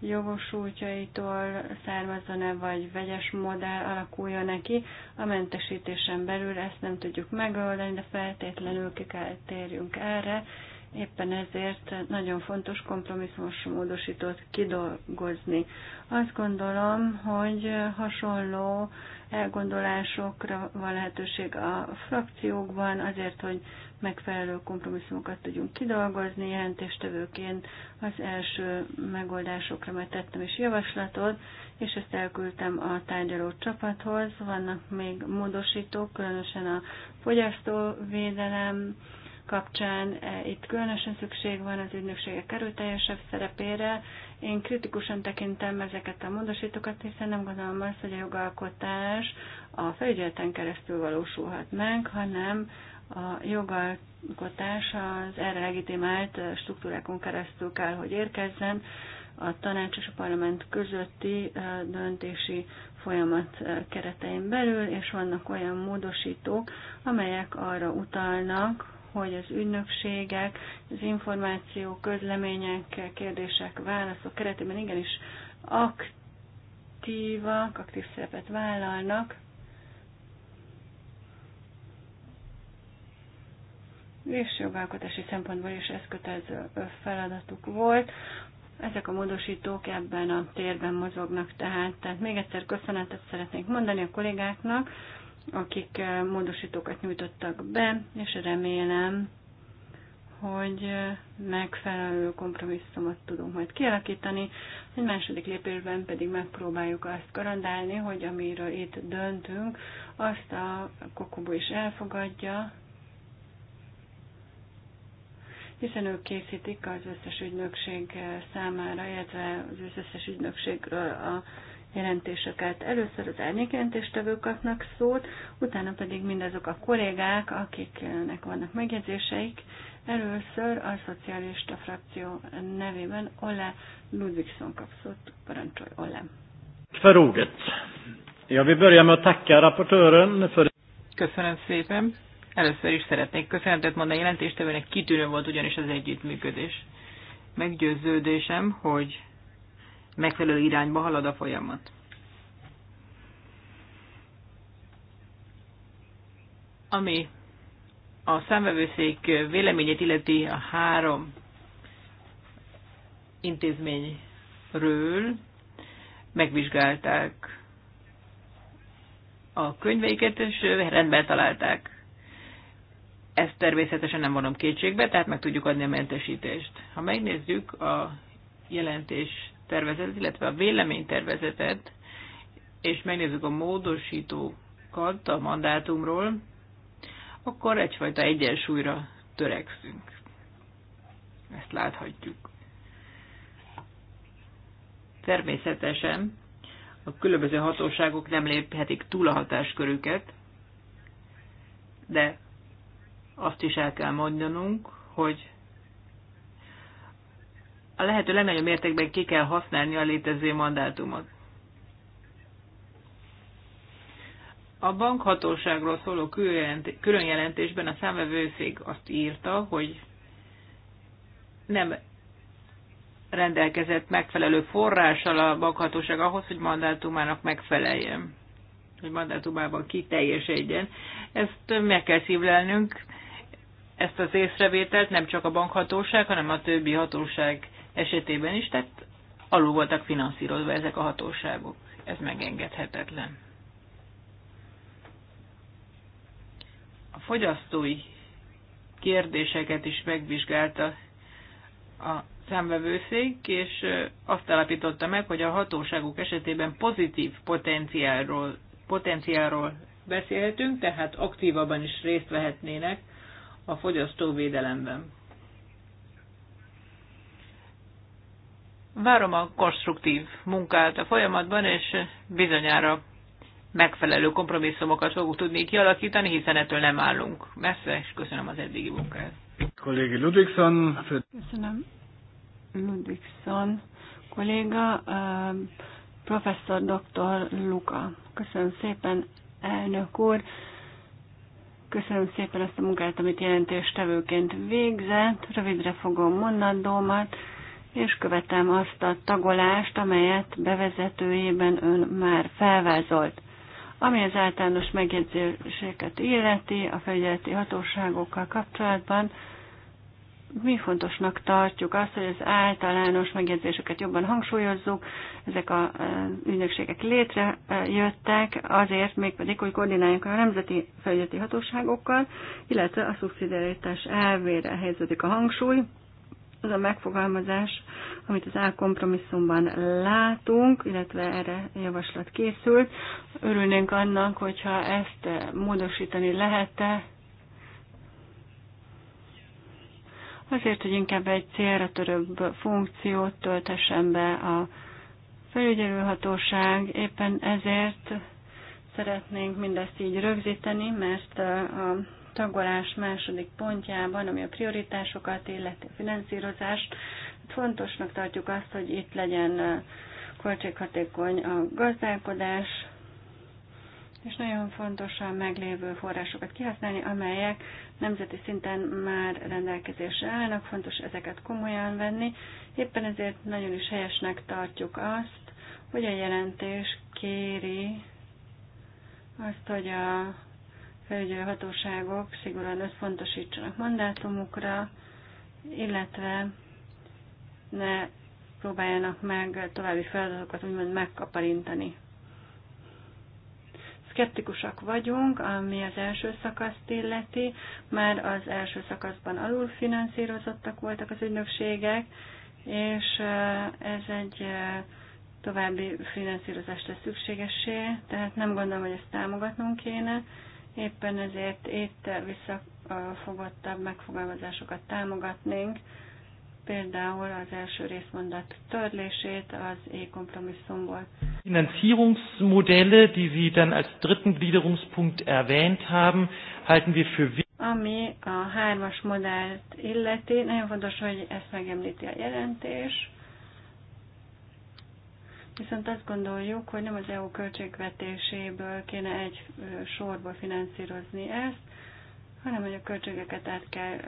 jogosultjaitól származzon-e, vagy vegyes modell alakuljon neki. A mentesítésen belül ezt nem tudjuk megoldani, de feltétlenül ki kell térjünk erre, Éppen ezért nagyon fontos kompromisszumos módosítót kidolgozni. Azt gondolom, hogy hasonló elgondolásokra van lehetőség a frakciókban, azért, hogy megfelelő kompromisszumokat tudjunk kidolgozni. Jelentéstevőként az első megoldásokra már tettem is javaslatot, és ezt elküldtem a tárgyaló csapathoz. Vannak még módosítók, különösen a fogyasztóvédelem, kapcsán e, itt különösen szükség van az ügynökségek erőteljesebb szerepére. Én kritikusan tekintem ezeket a módosítókat, hiszen nem gondolom azt, hogy a jogalkotás a felügyeleten keresztül valósulhat meg, hanem a jogalkotás az erre legitimált struktúrákon keresztül kell, hogy érkezzen. A tanács és a parlament közötti e, döntési folyamat e, keretein belül, és vannak olyan módosítók, amelyek arra utalnak, hogy az ügynökségek, az információ, közlemények, kérdések, válaszok keretében igenis aktívak, aktív szerepet vállalnak, és jogalkotási szempontból is ez kötelező feladatuk volt. Ezek a módosítók ebben a térben mozognak tehát. Tehát még egyszer köszönetet szeretnék mondani a kollégáknak, akik eh, módosítókat nyújtottak be, és remélem, hogy eh, megfelelő kompromisszumot tudunk majd kialakítani. Egy második lépésben pedig megpróbáljuk azt garantálni, hogy amiről itt döntünk, azt a kokobó is elfogadja, hiszen ők készítik az összes ügynökség eh, számára, illetve az összes ügynökségről a jelentéseket. Először az árnyékjelentéstevők kapnak szót, utána pedig mindazok a kollégák, akiknek vannak megjegyzéseik. Először a szocialista frakció nevében Ole Ludvigson kap szót. Parancsolj, Ole. För Ja, Jag vill börja med att tacka rapportören för... Köszönöm szépen. Először is szeretnék köszönetet mondani a jelentéstevőnek, kitűnő volt ugyanis az együttműködés. Meggyőződésem, hogy megfelelő irányba halad a folyamat. Ami a számvevőszék véleményét illeti a három intézményről, megvizsgálták a könyveiket, és rendben találták. Ezt természetesen nem vonom kétségbe, tehát meg tudjuk adni a mentesítést. Ha megnézzük a jelentés tervezetet, illetve a véleménytervezetet, és megnézzük a módosítókat a mandátumról, akkor egyfajta egyensúlyra törekszünk. Ezt láthatjuk. Természetesen a különböző hatóságok nem léphetik túl a hatáskörüket, de azt is el kell mondanunk, hogy a lehető legnagyobb mértékben ki kell használni a létező mandátumot. A bankhatóságról szóló különjelentésben a számvevőszék azt írta, hogy nem rendelkezett megfelelő forrással a bankhatóság ahhoz, hogy mandátumának megfeleljen, hogy mandátumában kiteljesedjen. Ezt meg kell szívlelnünk, ezt az észrevételt nem csak a bankhatóság, hanem a többi hatóság esetében is, tehát alul voltak finanszírozva ezek a hatóságok. Ez megengedhetetlen. A fogyasztói kérdéseket is megvizsgálta a számvevőszék, és azt állapította meg, hogy a hatóságok esetében pozitív potenciálról, potenciálról beszélhetünk, tehát aktívabban is részt vehetnének a fogyasztóvédelemben. Várom a konstruktív munkát a folyamatban, és bizonyára megfelelő kompromisszumokat fogunk tudni kialakítani, hiszen ettől nem állunk messze, és köszönöm az eddigi munkát. Kollégi Ludvigson. Köszönöm. Ludvigson kolléga, professzor dr. Luka. Köszönöm szépen, elnök úr. Köszönöm szépen ezt a munkát, amit jelentéstevőként végzett. Rövidre fogom mondandómat és követem azt a tagolást, amelyet bevezetőjében ön már felvázolt. Ami az általános megjegyzéseket illeti a felügyeleti hatóságokkal kapcsolatban, mi fontosnak tartjuk azt, hogy az általános megjegyzéseket jobban hangsúlyozzuk. Ezek a e, ügynökségek létrejöttek azért mégpedig, hogy koordináljuk a nemzeti felügyeleti hatóságokkal, illetve a szubszidiaritás elvére helyeződik a hangsúly, az a megfogalmazás, amit az álkompromisszumban látunk, illetve erre javaslat készült. Örülnénk annak, hogyha ezt módosítani lehetne, azért, hogy inkább egy célra törőbb funkciót töltessen be a felügyelőhatóság. Éppen ezért szeretnénk mindezt így rögzíteni, mert a tagolás második pontjában, ami a prioritásokat illeti a finanszírozást, fontosnak tartjuk azt, hogy itt legyen költséghatékony a gazdálkodás, és nagyon fontos a meglévő forrásokat kihasználni, amelyek nemzeti szinten már rendelkezésre állnak, fontos ezeket komolyan venni. Éppen ezért nagyon is helyesnek tartjuk azt, hogy a jelentés kéri azt, hogy a felügyelő hatóságok szigorúan összpontosítsanak mandátumukra, illetve ne próbáljanak meg további feladatokat úgymond megkaparintani. Skeptikusak vagyunk, ami az első szakaszt illeti, már az első szakaszban finanszírozottak voltak az ügynökségek, és eh, ez egy eh, további finanszírozást tesz szükségessé, tehát nem gondolom, hogy ezt támogatnunk kéne. Éppen ezért itt visszafogottabb megfogalmazásokat támogatnénk, például az első részmondat törlését az E-kompromisszumból. Finanzierungsmodelle, die Sie dann als dritten Gliederungspunkt erwähnt haben, halten wir für wichtig. Ami a hármas modellt illeti, nagyon fontos, hogy ezt megemlíti a jelentés Viszont azt gondoljuk, hogy nem az EU költségvetéséből kéne egy sorba finanszírozni ezt, hanem hogy a költségeket át kell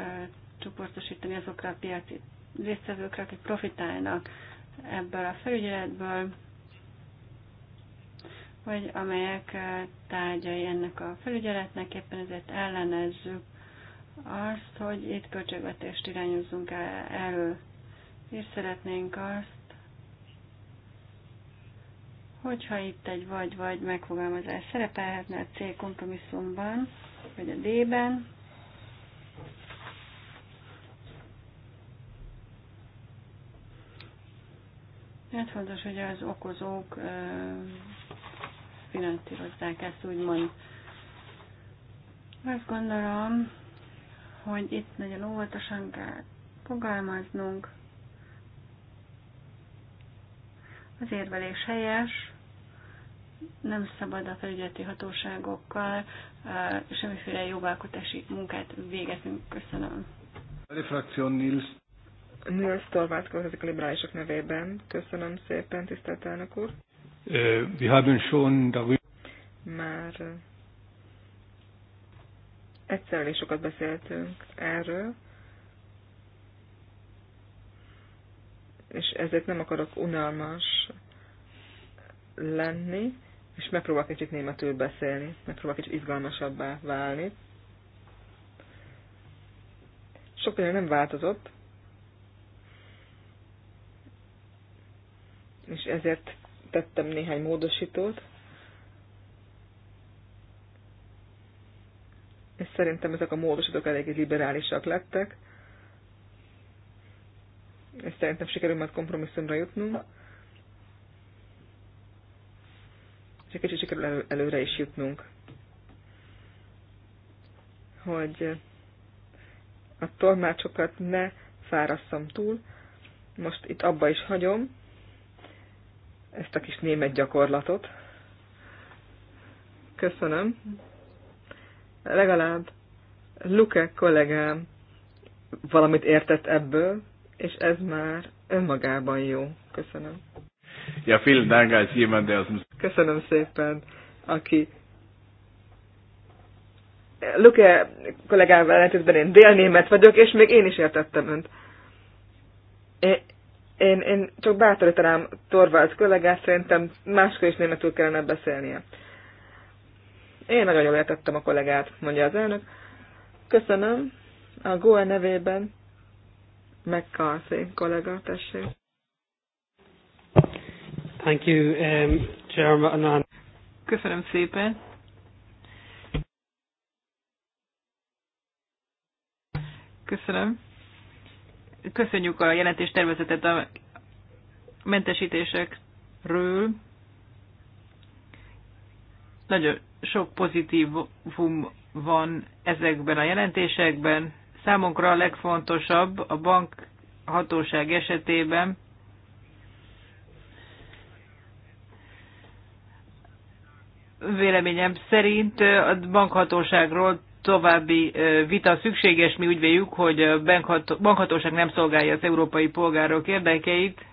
csoportosítani azokra a piaci résztvevőkre, akik profitálnak ebből a felügyeletből, vagy amelyek tárgyai ennek a felügyeletnek, éppen ezért ellenezzük azt, hogy itt költségvetést irányozzunk elő. És szeretnénk azt, Hogyha itt egy vagy-vagy megfogalmazás szerepelhetne a C kompromisszumban, vagy a D-ben, Hát fontos, hogy az okozók finanszírozzák ezt úgymond. Azt gondolom, hogy itt nagyon óvatosan kell fogalmaznunk. Az érvelés helyes, nem szabad a felügyeleti hatóságokkal semmiféle jogalkotási munkát végeznünk. Köszönöm. Refrakció Nils. Nils Torvát következik a liberálisok nevében. Köszönöm szépen, tisztelt elnök úr. Wir haben schon Már egyszer elég sokat beszéltünk erről, és ezért nem akarok unalmas lenni és egy kicsit németül beszélni, egy kicsit izgalmasabbá válni. Sok minden nem változott, és ezért tettem néhány módosítót, és szerintem ezek a módosítók eléggé liberálisak lettek, és szerintem sikerül majd kompromisszumra jutnunk. egy kicsit sikerül elő, előre is jutnunk. Hogy a tolmácsokat ne fárasszam túl. Most itt abba is hagyom ezt a kis német gyakorlatot. Köszönöm. Legalább Luke kollégám valamit értett ebből, és ez már önmagában jó. Köszönöm. Ja, vielen Dank als jemand, der aus dem Köszönöm szépen, aki Luke kollégával ellentétben én délnémet vagyok, és még én is értettem önt. Én, én, én csak bátorítanám Torvald kollégát, szerintem máskor is németül kellene beszélnie. Én nagyon jól értettem a kollégát, mondja az elnök. Köszönöm. A Goa nevében McCarthy kollega, tessék. Thank you. Um... Chairman. Köszönöm szépen. Köszönöm. Köszönjük a jelentés tervezetet a mentesítésekről. Nagyon sok pozitívum van ezekben a jelentésekben. Számunkra a legfontosabb a bank hatóság esetében véleményem szerint a bankhatóságról további vita szükséges. Mi úgy véljük, hogy a bankhatóság nem szolgálja az európai polgárok érdekeit,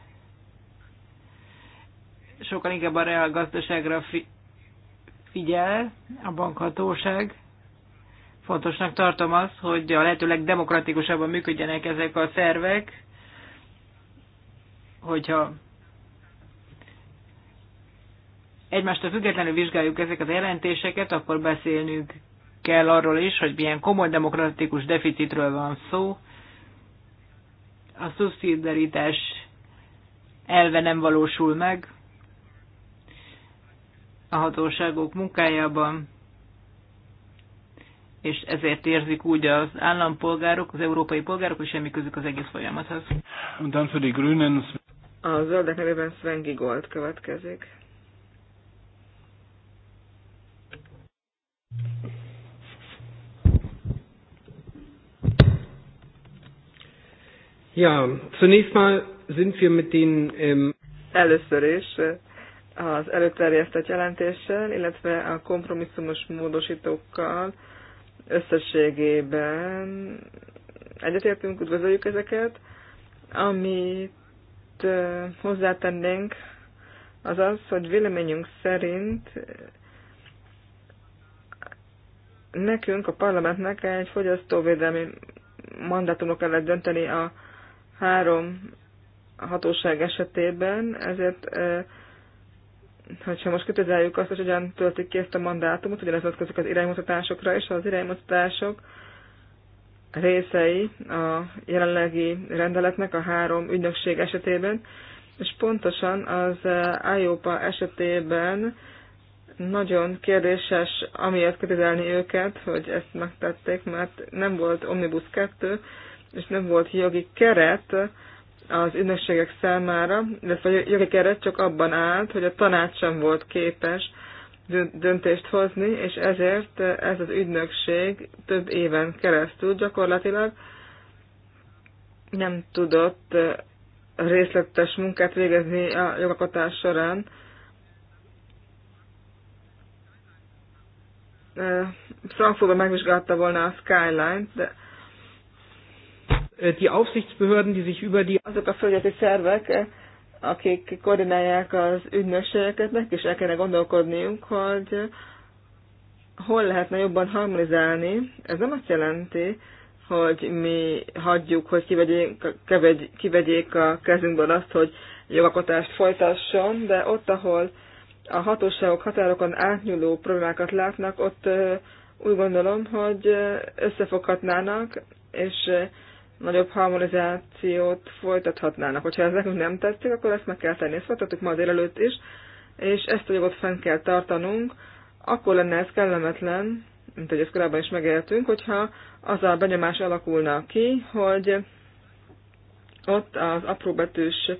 sokkal inkább a reál gazdaságra figyel a bankhatóság. Fontosnak tartom azt, hogy a lehető legdemokratikusabban működjenek ezek a szervek, hogyha egymástól függetlenül vizsgáljuk ezeket a jelentéseket, akkor beszélnünk kell arról is, hogy milyen komoly demokratikus deficitről van szó. A szubszidaritás elve nem valósul meg a hatóságok munkájában, és ezért érzik úgy az állampolgárok, az európai polgárok, hogy semmi közük az egész folyamathoz. A zöldek nevében Sven Gigold következik. Ja, zunächst mal sind wir mit den... Ähm Először is eh, az előterjesztett jelentéssel, illetve a kompromisszumos módosítókkal összességében egyetértünk, üdvözöljük ezeket. Amit eh, hozzátennénk, az az, hogy véleményünk szerint nekünk, a parlamentnek egy fogyasztóvédelmi mandátumok kellett dönteni a három hatóság esetében, ezért hogyha most kötözeljük azt, hogy hogyan töltik ki ezt a mandátumot, ugyanez vonatkozik az iránymutatásokra, és az iránymutatások részei a jelenlegi rendeletnek a három ügynökség esetében, és pontosan az IOPA esetében nagyon kérdéses amiért kritizálni őket, hogy ezt megtették, mert nem volt Omnibus 2, és nem volt jogi keret az ünnepségek számára, illetve a jogi keret csak abban állt, hogy a tanács sem volt képes döntést hozni, és ezért ez az ügynökség több éven keresztül gyakorlatilag nem tudott részletes munkát végezni a jogalkotás során. Frankfurtban megvizsgálta volna a Skyline-t, de die Aufsichtsbehörden, die sich über die... Azok a földeti szervek, eh, akik koordinálják az ügynökségeket, meg is el kellene gondolkodniunk, hogy eh, hol lehetne jobban harmonizálni. Ez nem azt jelenti, hogy mi hagyjuk, hogy kivegyék, kevegy, kivegyék a kezünkből azt, hogy jogakotást folytasson, de ott, ahol a hatóságok határokon átnyúló problémákat látnak, ott eh, úgy gondolom, hogy összefoghatnának, és nagyobb harmonizációt folytathatnának. Hogyha ez nekünk nem tetszik, akkor ezt meg kell tenni. Ezt folytattuk ma délelőtt is, és ezt a jogot fenn kell tartanunk. Akkor lenne ez kellemetlen, mint hogy ezt korábban is megéltünk, hogyha az a benyomás alakulna ki, hogy ott az apróbetűs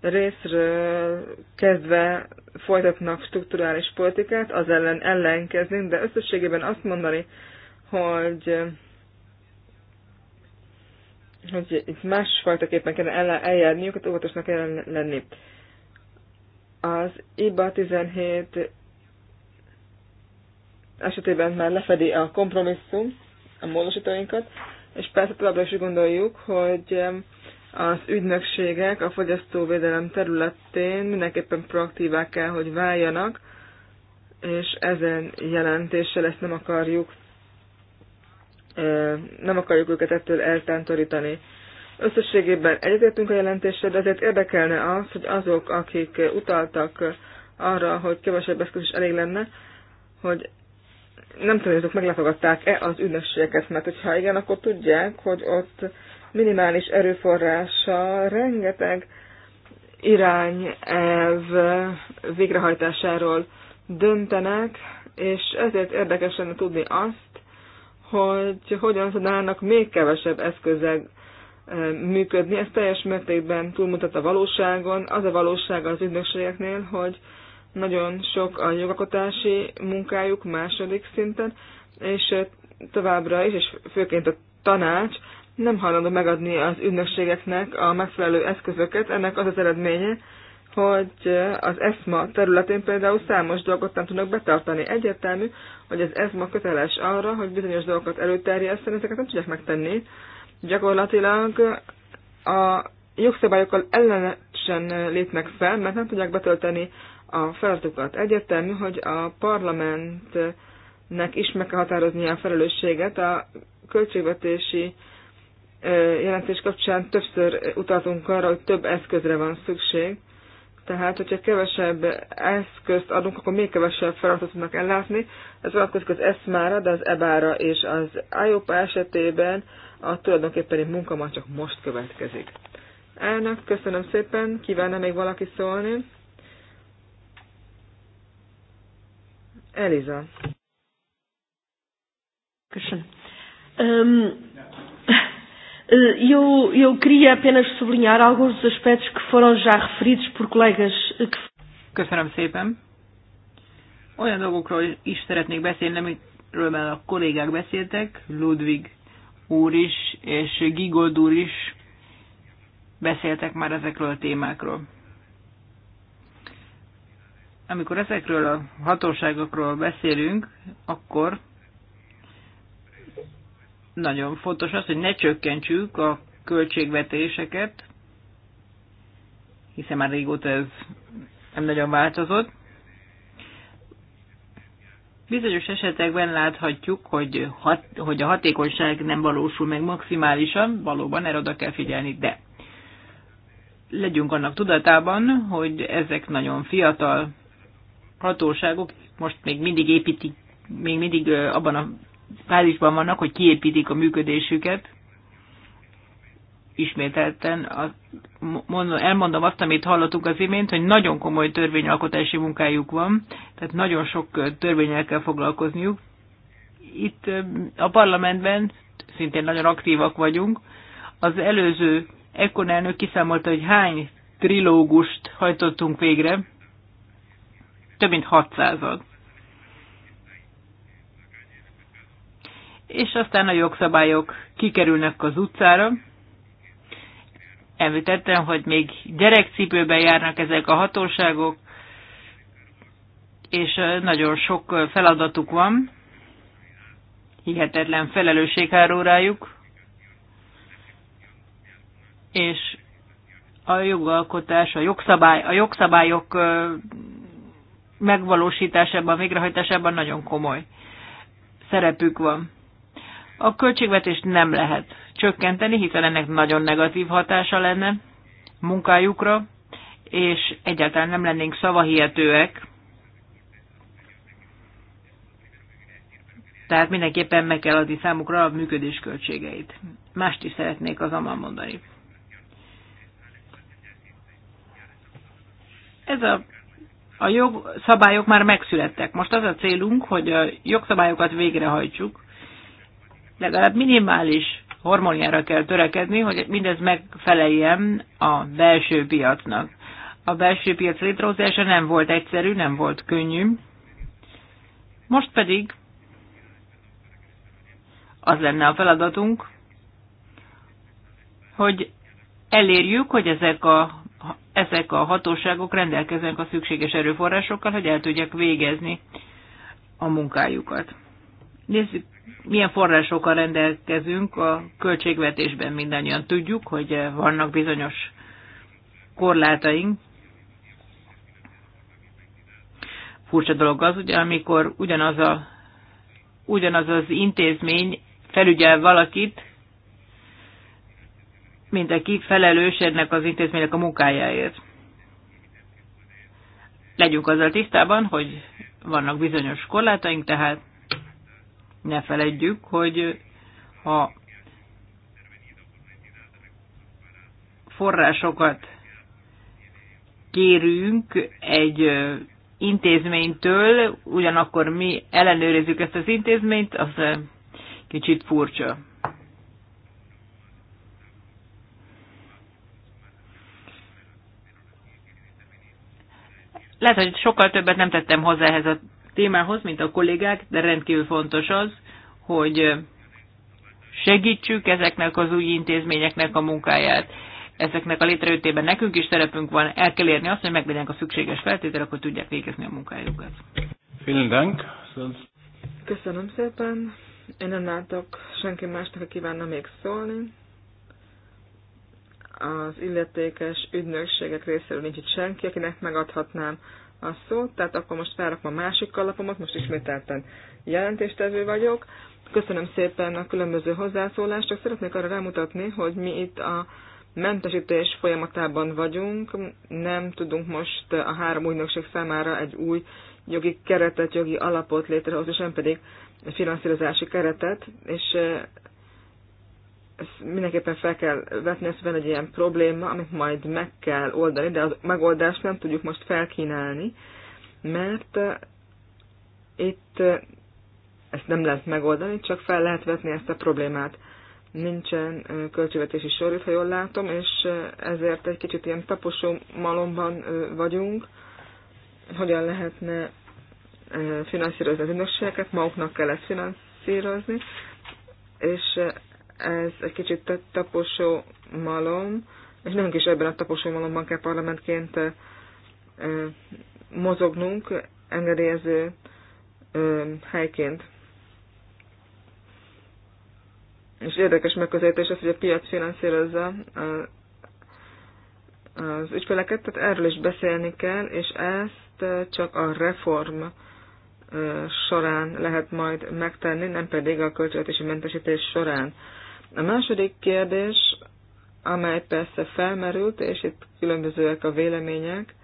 részről kezdve folytatnak strukturális politikát, az ellen ellenkeznénk, de összességében azt mondani, hogy hogy itt másfajtaképpen kellene eljárni, őket óvatosnak kell lenni. Az IBA 17 esetében már lefedi a kompromisszum, a módosítóinkat, és persze továbbra is gondoljuk, hogy az ügynökségek a fogyasztóvédelem területén mindenképpen proaktívá kell, hogy váljanak, és ezen jelentéssel ezt nem akarjuk nem akarjuk őket ettől eltántorítani. Összességében egyetértünk a jelentésed. de azért érdekelne az, hogy azok, akik utaltak arra, hogy kevesebb eszköz is elég lenne, hogy nem tudom, hogy azok meglátogatták-e az ünnepségeket, mert hogyha igen, akkor tudják, hogy ott minimális erőforrása, rengeteg irány irányelv végrehajtásáról döntenek, és ezért érdekes lenne tudni azt, hogy hogyan tudnának még kevesebb eszközzel e, működni. Ez teljes mértékben túlmutat a valóságon. Az a valóság az ügynökségeknél, hogy nagyon sok a jogakotási munkájuk második szinten, és e, továbbra is, és főként a tanács nem hajlandó megadni az ügynökségeknek a megfelelő eszközöket. Ennek az az eredménye, hogy az ESMA területén például számos dolgot nem tudnak betartani. Egyértelmű, hogy az ESMA köteles arra, hogy bizonyos dolgokat előterjeszteni, ezeket nem tudják megtenni. Gyakorlatilag a jogszabályokkal ellenesen lépnek fel, mert nem tudják betölteni a feladatokat Egyértelmű, hogy a parlamentnek is meg kell határoznia a felelősséget. A költségvetési jelentés kapcsán többször utaltunk arra, hogy több eszközre van szükség tehát, hogyha kevesebb eszközt adunk, akkor még kevesebb feladatot tudnak ellátni. Ez vonatkozik az eszmára, de az ebára és az IOPA esetében a tulajdonképpeni munka már csak most következik. Elnök, köszönöm szépen, kívánna még valaki szólni? Eliza. Köszönöm. Um, Eh, eu, eu queria apenas sublinhar alguns dos aspectos que foram já referidos por colegas eh, que... Köszönöm szépen. Olyan dolgokról is szeretnék beszélni, amikről már a kollégák beszéltek, Ludwig úr is, és Gigold úr is beszéltek már ezekről a témákról. Amikor ezekről a hatóságokról beszélünk, akkor nagyon fontos az, hogy ne csökkentsük a költségvetéseket, hiszen már régóta ez nem nagyon változott. Bizonyos esetekben láthatjuk, hogy, hat, hogy a hatékonyság nem valósul meg maximálisan, valóban erre oda kell figyelni, de legyünk annak tudatában, hogy ezek nagyon fiatal hatóságok, most még mindig építik, még mindig abban a fázisban vannak, hogy kiépítik a működésüket. Ismételten a, mondom, elmondom azt, amit hallottuk az imént, hogy nagyon komoly törvényalkotási munkájuk van, tehát nagyon sok törvényel kell foglalkozniuk. Itt a parlamentben szintén nagyon aktívak vagyunk. Az előző Ekkor elnök kiszámolta, hogy hány trilógust hajtottunk végre, több mint 600-at. és aztán a jogszabályok kikerülnek az utcára. Említettem, hogy még gyerekcipőben járnak ezek a hatóságok, és nagyon sok feladatuk van, hihetetlen felelősség rájuk, és a jogalkotás, a, jogszabály, a jogszabályok megvalósításában, végrehajtásában nagyon komoly szerepük van. A költségvetést nem lehet csökkenteni, hiszen ennek nagyon negatív hatása lenne munkájukra, és egyáltalán nem lennénk szavahihetőek. Tehát mindenképpen meg kell adni számukra a működés költségeit. Mást is szeretnék azonban mondani. Ez a, a jogszabályok már megszülettek. Most az a célunk, hogy a jogszabályokat végrehajtsuk legalább minimális hormonjára kell törekedni, hogy mindez megfeleljen a belső piacnak. A belső piac létrehozása nem volt egyszerű, nem volt könnyű. Most pedig az lenne a feladatunk, hogy elérjük, hogy ezek a, ezek a hatóságok rendelkeznek a szükséges erőforrásokkal, hogy el tudják végezni a munkájukat. Nézzük milyen forrásokkal rendelkezünk a költségvetésben, mindannyian tudjuk, hogy vannak bizonyos korlátaink. Furcsa dolog az, ugye, amikor ugyanaz, a, ugyanaz az intézmény felügyel valakit, mint aki felelős ennek az intézménynek a munkájáért. Legyünk azzal tisztában, hogy vannak bizonyos korlátaink, tehát ne feledjük, hogy ha forrásokat kérünk egy intézménytől, ugyanakkor mi ellenőrizzük ezt az intézményt, az kicsit furcsa. Lehet, hogy sokkal többet nem tettem hozzá ehhez a témához, mint a kollégák, de rendkívül fontos az, hogy segítsük ezeknek az új intézményeknek a munkáját. Ezeknek a létrejöttében nekünk is szerepünk van, el kell érni azt, hogy meglegyenek a szükséges feltételek, hogy tudják végezni a munkájukat. Köszönöm szépen. Én nem látok senki másnak, aki kívánna még szólni. Az illetékes ügynökségek részéről nincs itt senki, akinek megadhatnám a szó, tehát akkor most felrakom a másik kalapomat, most ismételten jelentéstevő vagyok. Köszönöm szépen a különböző hozzászólást, csak szeretnék arra rámutatni, hogy mi itt a mentesítés folyamatában vagyunk, nem tudunk most a három ügynökség számára egy új jogi keretet, jogi alapot létrehozni, sem pedig finanszírozási keretet, és ezt mindenképpen fel kell vetni, ez van egy ilyen probléma, amit majd meg kell oldani, de a megoldást nem tudjuk most felkínálni, mert eh, itt eh, ezt nem lehet megoldani, csak fel lehet vetni ezt a problémát. Nincsen eh, költségvetési sor ha jól látom, és ezért egy kicsit ilyen taposó malomban vagyunk, hogyan lehetne finanszírozni az ügynökségeket, maguknak kell ezt finanszírozni, és ez egy kicsit taposó malom, és nekünk is ebben a taposó malomban kell parlamentként mozognunk engedélyező helyként. És érdekes megközelítés az, hogy a piac finanszírozza az ügyfeleket, tehát erről is beszélni kell, és ezt csak a reform során lehet majd megtenni, nem pedig a költségvetési mentesítés során. A második kérdés, amely persze felmerült, és itt különbözőek a vélemények,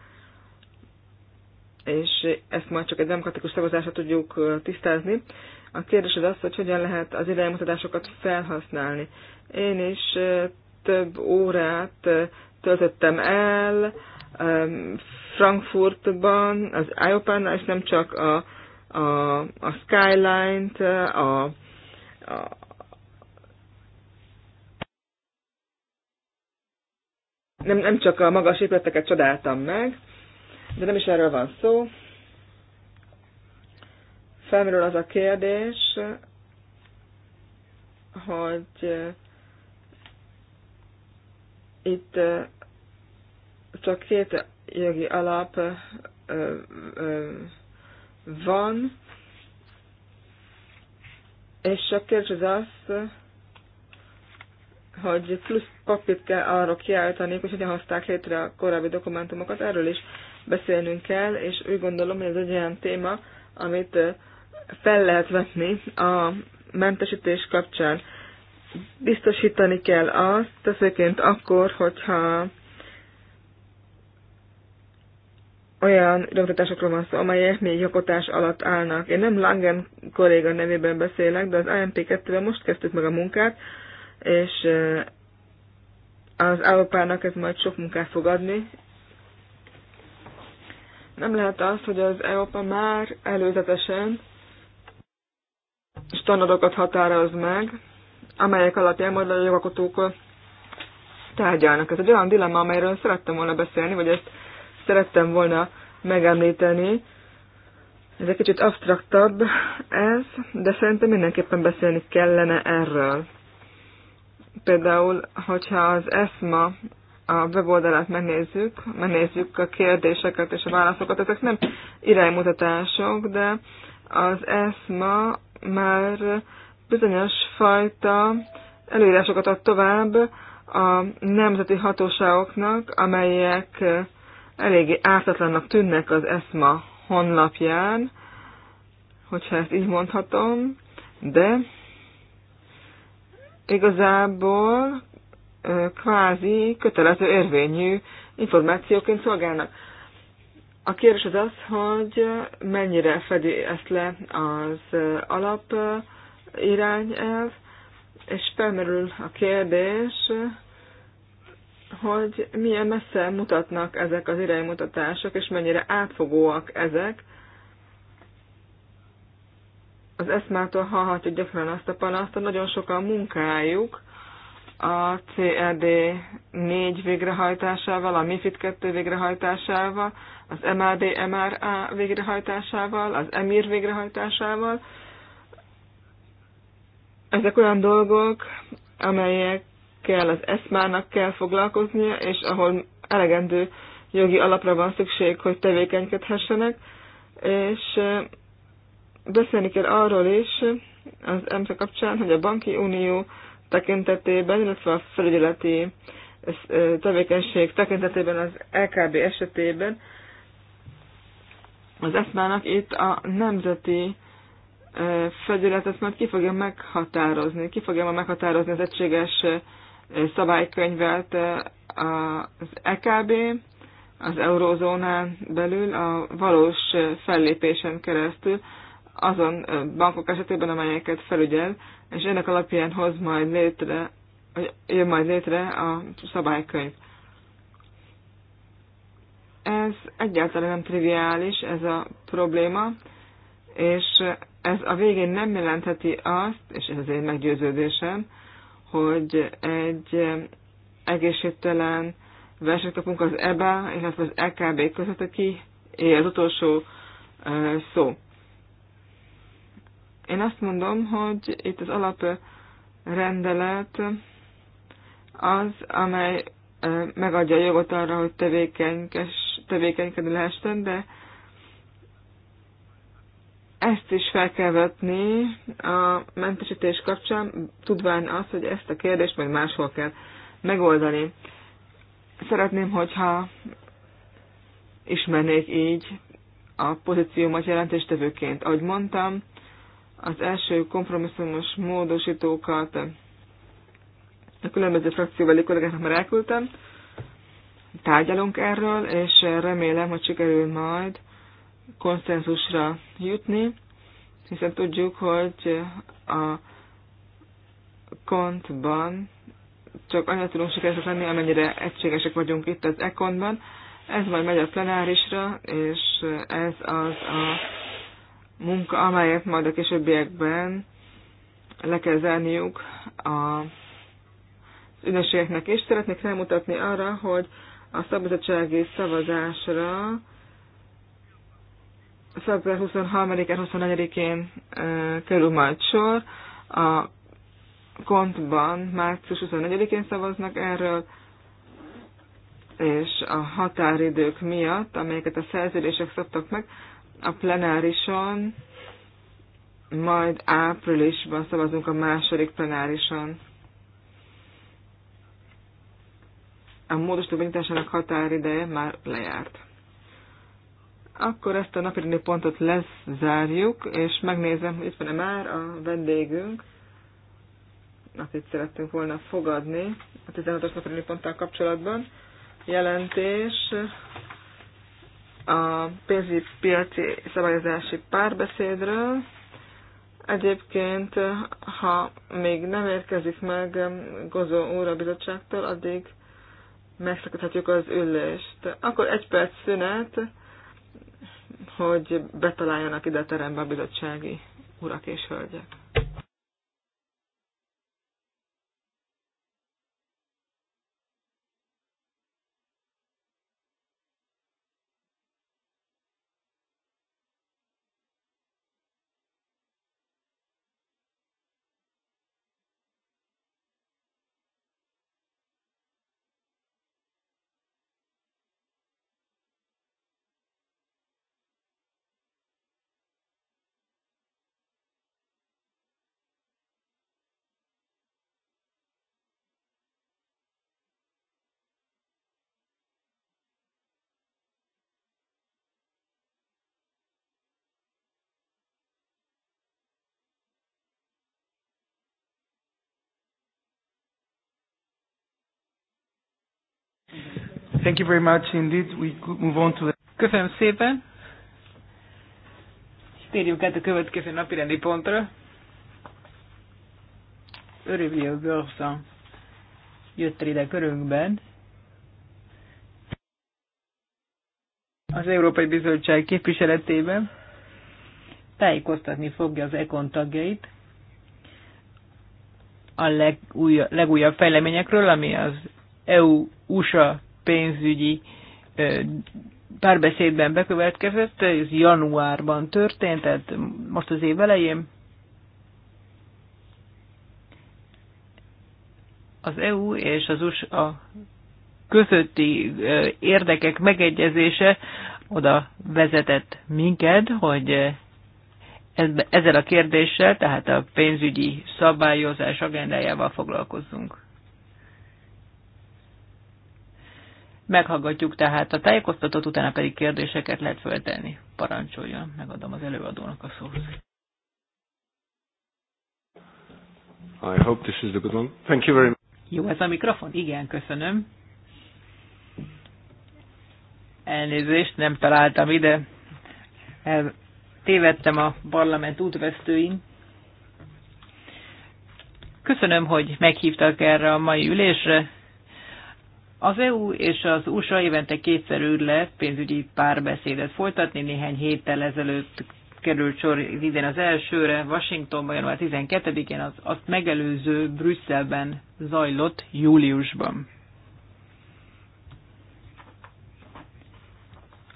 és ezt majd csak egy demokratikus szavazásra tudjuk tisztázni. A kérdés az az, hogy hogyan lehet az idejemutatásokat felhasználni. Én is több órát töltöttem el Frankfurtban, az IOPAN-nál, és nem csak a, a, a Skyline-t, a, a, nem, nem csak a magas épületeket csodáltam meg, de nem is erről van szó. Felmerül az a kérdés, hogy eh, itt eh, csak két jogi alap eh, van, és a kérdés az az, hogy plusz papírt kell arra kiállítani, hogy hogyan hozták létre a korábbi dokumentumokat, erről is beszélnünk kell, és úgy gondolom, hogy ez egy olyan téma, amit fel lehet vetni a mentesítés kapcsán. Biztosítani kell azt, teszőként akkor, hogyha olyan nyomtatásokról van szó, amelyek még jogotás alatt állnak. Én nem Langen kolléga nevében beszélek, de az AMP2-ben most kezdtük meg a munkát, és az Európának ez majd sok munkát fog adni. Nem lehet az, hogy az Európa már előzetesen standardokat határoz meg, amelyek alapján majd a jogalkotók tárgyalnak. Ez egy olyan dilemma, amelyről szerettem volna beszélni, vagy ezt szerettem volna megemlíteni. Ez egy kicsit absztraktabb ez, de szerintem mindenképpen beszélni kellene erről. Például, hogyha az ESMA a weboldalát megnézzük, megnézzük a kérdéseket és a válaszokat, ezek nem iránymutatások, de az ESMA már bizonyos fajta előírásokat ad tovább a nemzeti hatóságoknak, amelyek eléggé ártatlannak tűnnek az ESMA honlapján, hogyha ezt így mondhatom, de igazából kvázi kötelező érvényű információként szolgálnak. A kérdés az az, hogy mennyire fedi ezt le az alap irányelv, és felmerül a kérdés, hogy milyen messze mutatnak ezek az iránymutatások, és mennyire átfogóak ezek, az eszmától hallhatjuk gyakran azt a panaszt, hogy nagyon sokan munkájuk a CED 4 végrehajtásával, a MIFID 2 végrehajtásával, az MAD MRA végrehajtásával, az EMIR végrehajtásával. Ezek olyan dolgok, amelyekkel az eszmának kell foglalkoznia, és ahol elegendő jogi alapra van szükség, hogy tevékenykedhessenek, és Beszélni kell arról is az EMSZA kapcsán, hogy a banki unió tekintetében, illetve a felügyeleti tevékenység tekintetében az LKB esetében az eszmának itt a nemzeti felügyeletet majd ki fogja meghatározni, ki fogja meghatározni az egységes szabálykönyvet az EKB, az eurozónán belül a valós fellépésen keresztül, azon bankok esetében, amelyeket felügyel, és ennek alapján hoz majd létre, vagy jön majd létre a szabálykönyv. Ez egyáltalán nem triviális, ez a probléma, és ez a végén nem jelentheti azt, és ez az én meggyőződésem, hogy egy egészségtelen versenyt kapunk az EBA, illetve az EKB között, aki az utolsó szó. Én azt mondom, hogy itt az alaprendelet az, amely megadja a jogot arra, hogy tevékenykedni lehessen, de ezt is fel kell vetni a mentesítés kapcsán, tudván azt, hogy ezt a kérdést majd máshol kell megoldani. Szeretném, hogyha ismernék így a pozíciómat jelentéstevőként. Ahogy mondtam, az első kompromisszumos módosítókat a különböző frakcióbeli kollégáknak már elküldtem. Tárgyalunk erről, és remélem, hogy sikerül majd konszenzusra jutni, hiszen tudjuk, hogy a kontban csak annyit tudunk sikeresek lenni, amennyire egységesek vagyunk itt az ekonban. Ez majd megy a plenárisra, és ez az a munka, amelyet majd a későbbiekben le kell zárniuk a ünnepségeknek is. Szeretnék felmutatni arra, hogy a szabadsági szavazásra február 23-án, 24-én kerül majd sor. A kontban március 24-én szavaznak erről, és a határidők miatt, amelyeket a szerződések szabtak meg, a plenárison, majd áprilisban szavazunk a második plenárison. A módosító határideje már lejárt. Akkor ezt a napirendi pontot lezárjuk, és megnézem, itt van-e már a vendégünk, akit szerettünk volna fogadni a 16-os napirendi ponttal kapcsolatban. Jelentés a pénzügyi piaci szabályozási párbeszédről. Egyébként, ha még nem érkezik meg Gozó úr a bizottságtól, addig megszakíthatjuk az ülést. Akkor egy perc szünet, hogy betaláljanak ide a terembe a bizottsági urak és hölgyek. Thank you very much indeed. We could move on to the... Köszönöm szépen. Térjünk át a következő napi rendi pontra. Örülvio Görszan jött ide körünkben. Az Európai Bizottság képviseletében tájékoztatni fogja az ECON tagjait a legújabb, legújabb fejleményekről, ami az EU-USA pénzügyi párbeszédben bekövetkezett, ez januárban történt, tehát most az év elején. Az EU és az USA közötti érdekek megegyezése oda vezetett minket, hogy ezzel a kérdéssel, tehát a pénzügyi szabályozás agendájával foglalkozzunk. Meghallgatjuk tehát a tájékoztatót, utána pedig kérdéseket lehet föltenni. Parancsoljon, megadom az előadónak a szót. I hope this is the good one. Thank you very much. Jó, ez a mikrofon? Igen, köszönöm. Elnézést, nem találtam ide. El, tévedtem a parlament útvesztőin. Köszönöm, hogy meghívtak erre a mai ülésre. Az EU és az USA évente kétszer ül le pénzügyi párbeszédet folytatni, néhány héttel ezelőtt került sor idén az elsőre, Washingtonban, január 12-én, az, azt megelőző Brüsszelben zajlott júliusban.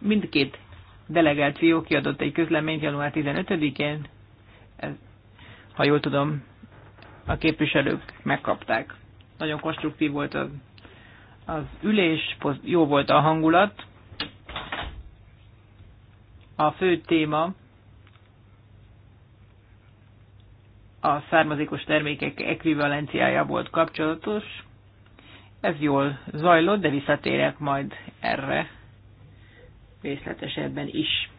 Mindkét delegáció kiadott egy közleményt január 15-én, ha jól tudom, a képviselők megkapták. Nagyon konstruktív volt a az ülés, jó volt a hangulat. A fő téma a származékos termékek ekvivalenciája volt kapcsolatos. Ez jól zajlott, de visszatérek majd erre részletesebben is.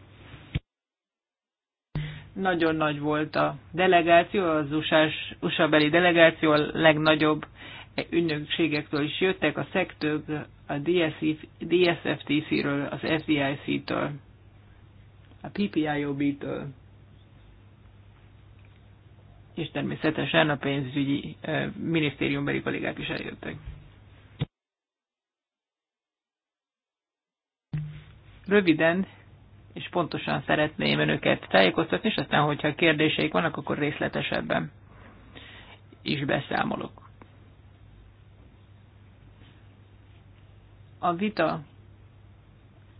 Nagyon nagy volt a delegáció, az USA-beli delegáció a legnagyobb ünnökségektől is jöttek, a szektők, a DSFTC-ről, az FDIC-től, a PPIOB-től, és természetesen a pénzügyi minisztériumbeli kollégák is eljöttek. Röviden és pontosan szeretném önöket tájékoztatni, és aztán, hogyha kérdéseik vannak, akkor részletesebben is beszámolok. A vita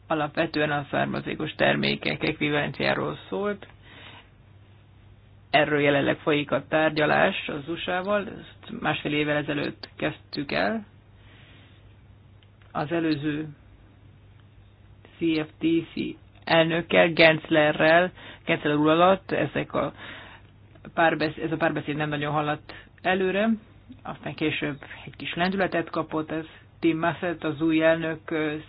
alapvetően a származékos termékek ekvivalenciáról szólt. Erről jelenleg folyik a tárgyalás az USA-val, ezt másfél évvel ezelőtt kezdtük el. Az előző CFTC elnökkel, Genslerrel, Gensler úr alatt ezek a párbeszéd, ez a párbeszéd nem nagyon haladt előre, aztán később egy kis lendületet kapott ez, Tim Maffett, az új elnök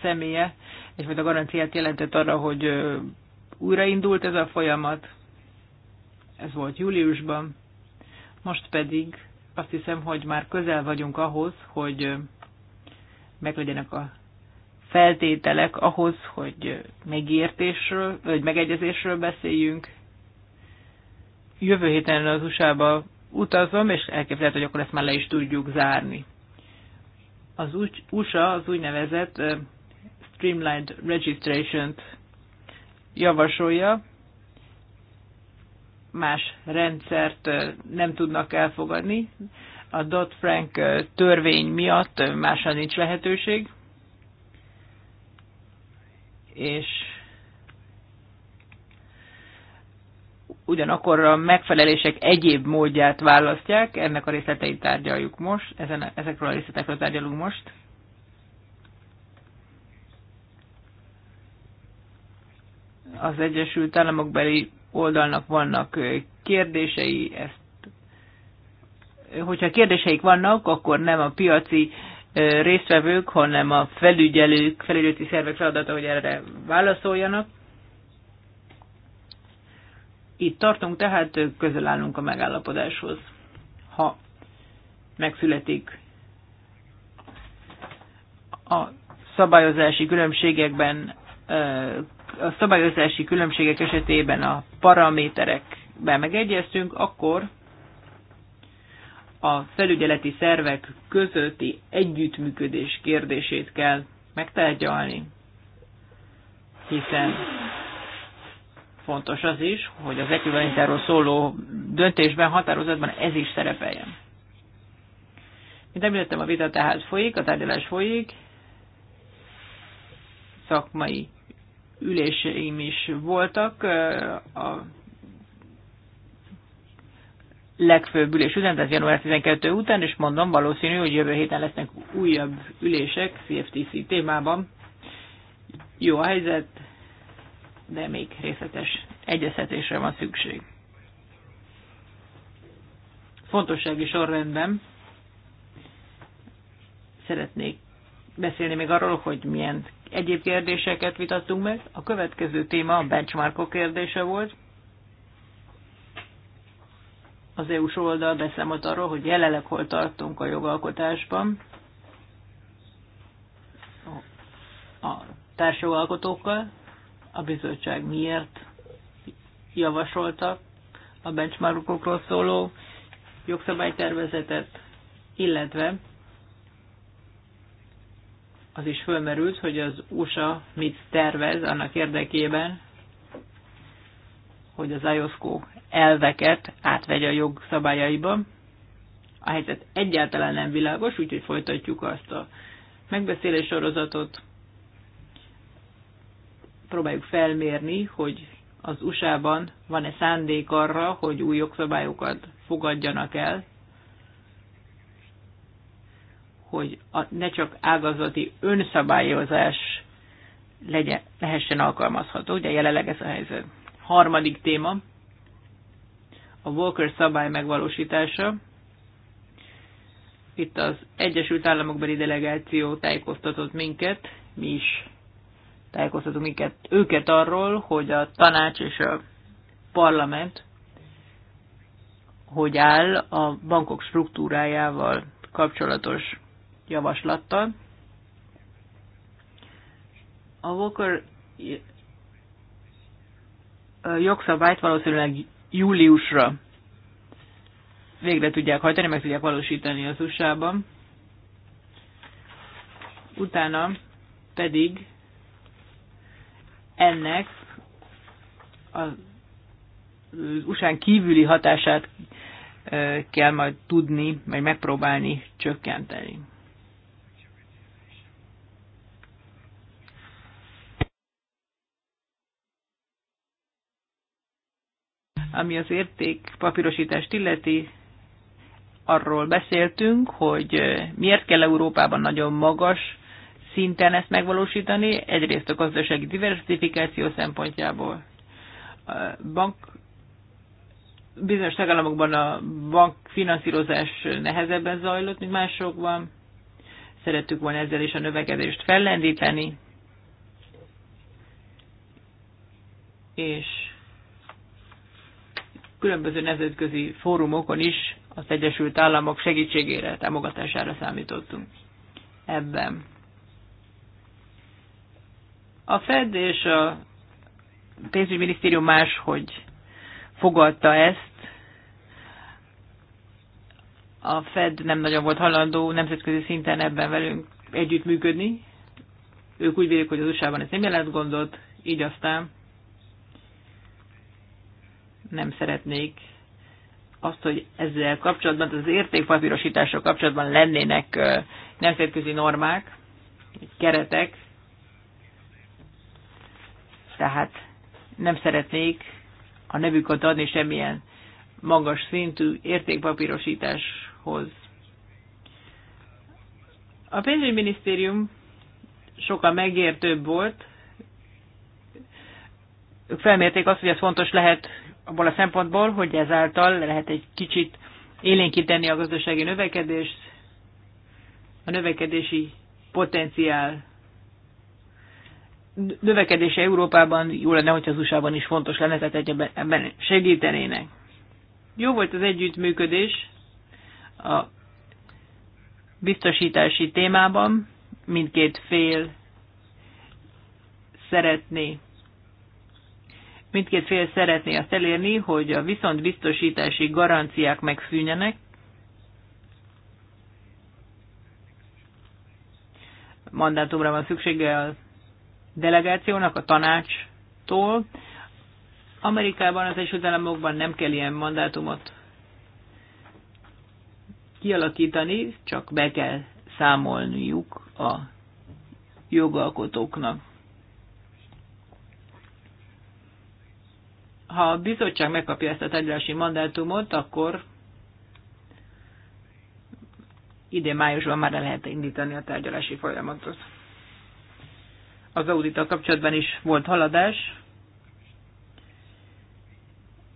személye, a garanciát jelentett arra, hogy újraindult ez a folyamat. Ez volt júliusban. Most pedig azt hiszem, hogy már közel vagyunk ahhoz, hogy meglegyenek a feltételek ahhoz, hogy megértésről, vagy megegyezésről beszéljünk. Jövő héten az USA-ba utazom, és elképzelhet, hogy akkor ezt már le is tudjuk zárni az USA az úgynevezett Streamlined Registration-t javasolja, más rendszert nem tudnak elfogadni. A Dodd-Frank törvény miatt másra nincs lehetőség, és ugyanakkor a megfelelések egyéb módját választják, ennek a részleteit tárgyaljuk most, ezen, ezekről a részletekről tárgyalunk most. Az Egyesült Államok beli oldalnak vannak eh, kérdései, ezt hogyha kérdéseik vannak, akkor nem a piaci eh, résztvevők, hanem a felügyelők, felügyelőti szervek feladata, hogy erre válaszoljanak. Itt tartunk, tehát közel állunk a megállapodáshoz. Ha megszületik a szabályozási különbségekben, a szabályozási különbségek esetében a paraméterekben megegyeztünk, akkor a felügyeleti szervek közötti együttműködés kérdését kell megtárgyalni, hiszen Fontos az is, hogy az ekvivalentáról szóló döntésben, határozatban ez is szerepeljen. Mint említettem, a vita tehát folyik, a tárgyalás folyik, szakmai üléseim is voltak. Eh, a legfőbb ülés után, tehát január 12 után, és mondom, valószínű, hogy jövő héten lesznek újabb ülések CFTC témában. Jó a helyzet, de még részletes egyeztetésre van szükség. Fontossági sorrendben szeretnék beszélni még arról, hogy milyen egyéb kérdéseket vitattunk meg. A következő téma a benchmarkok kérdése volt. Az EU-s oldal beszámolt arról, hogy jelenleg hol tartunk a jogalkotásban. A társjogalkotókkal, a bizottság miért javasolta a benchmarkokról szóló jogszabálytervezetet, illetve az is fölmerült, hogy az USA mit tervez annak érdekében, hogy az IOSCO elveket átvegye a jogszabályaiba. A helyzet egyáltalán nem világos, úgyhogy folytatjuk azt a megbeszélés sorozatot próbáljuk felmérni, hogy az USA-ban van-e szándék arra, hogy új jogszabályokat fogadjanak el, hogy a, ne csak ágazati önszabályozás legyen, lehessen alkalmazható, ugye jelenleg ez a helyzet. Harmadik téma, a Walker szabály megvalósítása. Itt az Egyesült Államokbeli Delegáció tájékoztatott minket, mi is tájékoztatunk minket, őket arról, hogy a tanács és a parlament hogy áll a bankok struktúrájával kapcsolatos javaslattal. A Walker jogszabályt valószínűleg júliusra végre tudják hajtani, meg tudják valósítani az USA-ban. Utána pedig ennek az usa kívüli hatását kell majd tudni, vagy megpróbálni csökkenteni. Ami az érték papírosítást illeti, arról beszéltünk, hogy miért kell Európában nagyon magas szinten ezt megvalósítani, egyrészt a gazdasági diversifikáció szempontjából. A bank bizonyos tagállamokban a bankfinanszírozás nehezebben zajlott, mint másokban. Szerettük volna ezzel is a növekedést fellendíteni. És különböző nemzetközi fórumokon is az Egyesült Államok segítségére, támogatására számítottunk ebben. A Fed és a pénzügyminisztérium máshogy fogadta ezt. A Fed nem nagyon volt hallandó nemzetközi szinten ebben velünk együttműködni. Ők úgy vélik, hogy az USA-ban ez nem jelent gondot, így aztán nem szeretnék azt, hogy ezzel kapcsolatban, az értékpapírosítással kapcsolatban lennének nemzetközi normák, keretek, tehát nem szeretnék a nevüket adni semmilyen magas szintű értékpapírosításhoz. A pénzügyminisztérium sokkal megértőbb volt, ők felmérték azt, hogy ez fontos lehet abból a szempontból, hogy ezáltal lehet egy kicsit élénkíteni a gazdasági növekedést, a növekedési potenciál növekedése Európában jó lenne, hogyha az usa is fontos lenne, tehát ebben segítenének. Jó volt az együttműködés a biztosítási témában. Mindkét fél szeretné mindkét fél szeretné azt elérni, hogy a viszont biztosítási garanciák megszűnjenek, mandátumra van szüksége a delegációnak, a tanácstól. Amerikában, az Egyesült Államokban nem kell ilyen mandátumot kialakítani, csak be kell számolniuk a jogalkotóknak. Ha a bizottság megkapja ezt a tárgyalási mandátumot, akkor idén májusban már lehet indítani a tárgyalási folyamatot az audittal kapcsolatban is volt haladás.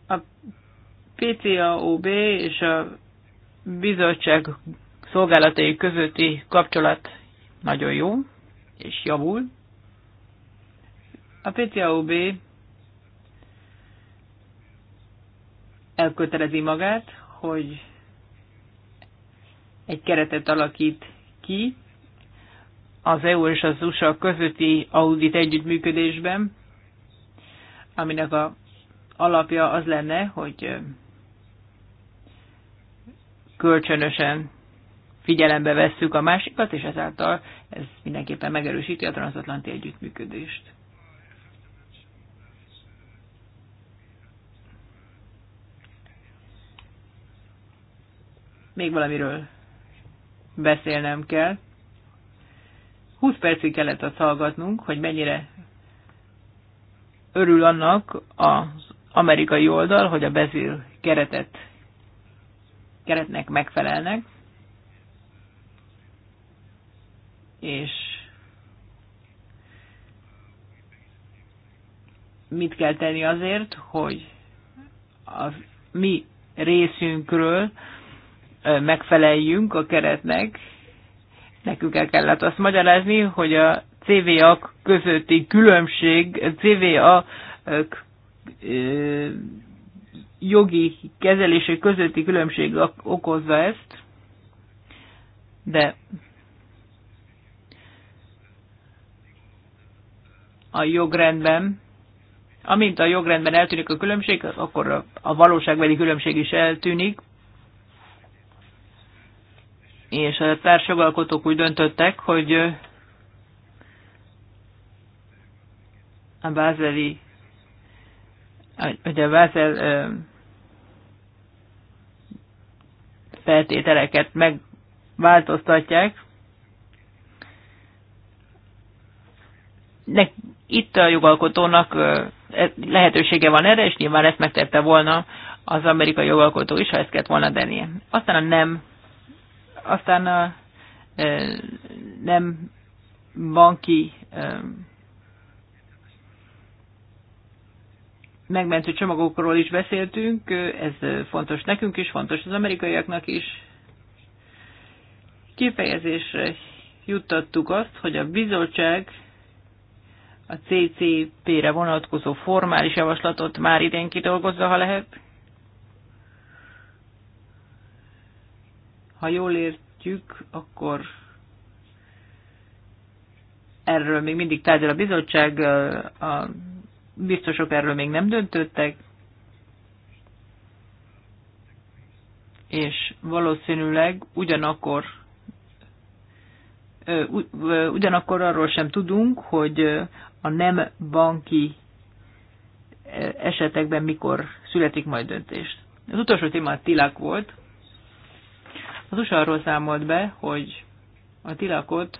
A PCAOB és a bizottság szolgálatai közötti kapcsolat nagyon jó, és javul. A PCAOB elkötelezi magát, hogy egy keretet alakít ki, az EU és az USA közötti audit együttműködésben, aminek a alapja az lenne, hogy kölcsönösen figyelembe vesszük a másikat, és ezáltal ez mindenképpen megerősíti a transatlanti együttműködést. Még valamiről beszélnem kell. 20 percig kellett azt hallgatnunk, hogy mennyire örül annak az amerikai oldal, hogy a bezil keretet, keretnek megfelelnek, és mit kell tenni azért, hogy a mi részünkről megfeleljünk a keretnek, nekünk el kellett azt magyarázni, hogy a CVA közötti különbség, a CVA jogi kezelése közötti különbség okozza ezt, de a jogrendben, amint a jogrendben eltűnik a különbség, akkor a valóságbeli különbség is eltűnik, és a társjogalkotók úgy döntöttek, hogy a bázeli, hogy a bázel feltételeket megváltoztatják. De itt a jogalkotónak e, lehetősége van erre, és nyilván ezt megtette volna az amerikai jogalkotó is, ha ezt kellett volna tennie. Aztán a nem aztán a, nem banki megmentő csomagokról is beszéltünk, ez fontos nekünk is, fontos az amerikaiaknak is. Kifejezésre juttattuk azt, hogy a bizottság a CCP-re vonatkozó formális javaslatot már idén kidolgozza, ha lehet. Ha jól értjük, akkor erről még mindig tárgyal a bizottság, a biztosok erről még nem döntöttek, és valószínűleg ugyanakkor ugyanakkor arról sem tudunk, hogy a nem banki esetekben mikor születik majd döntést. Az utolsó téma a tilák volt. Az USA arról számolt be, hogy a tilakot